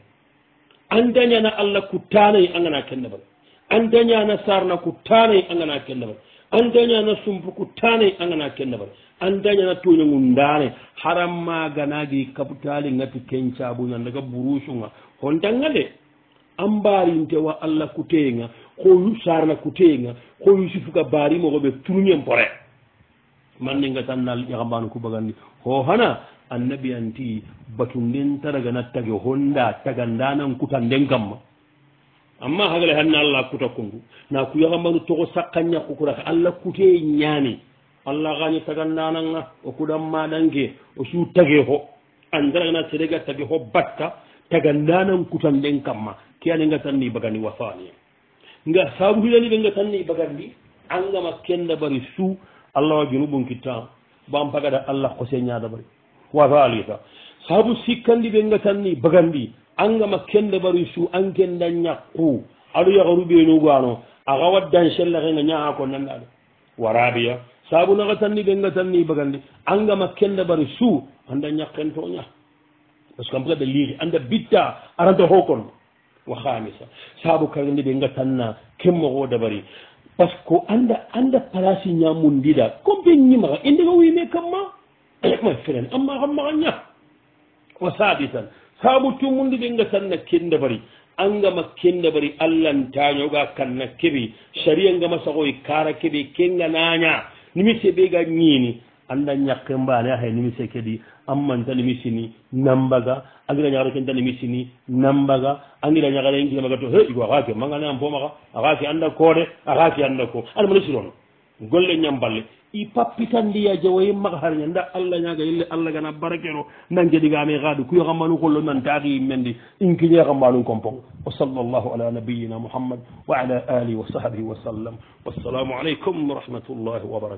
Speaker 1: an dañana allah ku tanayi a gana kenda wari an dañana sarna ku tanayi a gana kenda wari an dañana sumpu ku tanayi a gana kenda wari an dañana toñagum ndaane haram maganagi kaputali ngati kencaɓuga daga brusuga hon tanga de an mbarintewa allah kuteyga ko sarna kuteyga ko yusufuka barimooɓe turñen pore manniga tan nal ƴakambanu kubagandi ho hana annabi anti batu nden taragana tage honda tagandanan kuta nden kamma amma hagale hanna allah kuta kondu na ku yakambanu togo sakka ñakku kuraka allah kute ñaami allah gani tagannananga o kuɗan maɗanke o suu tage ho andiragana sedega tage ho batta tagannanan kutan ɗen kamma ke ani nga tanni bagandi wasani nga sabu hiɗani ɓe nga tanni bagandi angama kenda bari suu allah wa junubun kittam ban pagada allah kose ñada bari wasalita sabu sikkandi ɓe nga tanni bagandi angama kenda bari suu an kenda ñakku aɗo yakaruɓenugano aga wa dansellahe nga ñaha ko nanɗaɗo warabiya sabunaxa tanni ɓenga tanni bagandi angama kenda bari su anda ñaqen toña parce que am bugada liri anda bitta aranta xokon wa xamisa sabu karendi ɓenga tanna ken moxo dabari parce que anda anda place ñamun ndida comme ɓe ñimaxa i ndega wime kam ma ma fren anmaxammaxa ña wa sadisan sabu tumundi ɓenga tanna ken dabari angama kenda bari allahntañoga kanna keɓe sari angama saxoy kara keɓe kenga naña nimise ɓe ga ñiini anda ñakke mbaane ahay nimise kadi ammanta nimisini nambaga angira ñakata ken ta nimisini nambaga angira ñakatainamaga to he igo axaake mangane an pomaxa axaake anda koode axaake anda ko anama ne sirono golle ñamballe i pappitandiya jawoye maxa xarña nda allah ñaga yelle allah gana barakeno nangeɗigame xaadi kuye xambanu xollo nantaaxi mendi inkiñe xambanu compong wa sal allahu ala nabiyina mouhammad wa ala alihi wa sahbihi wasallam wassalamu aleykum warahmatullahi wabarakatu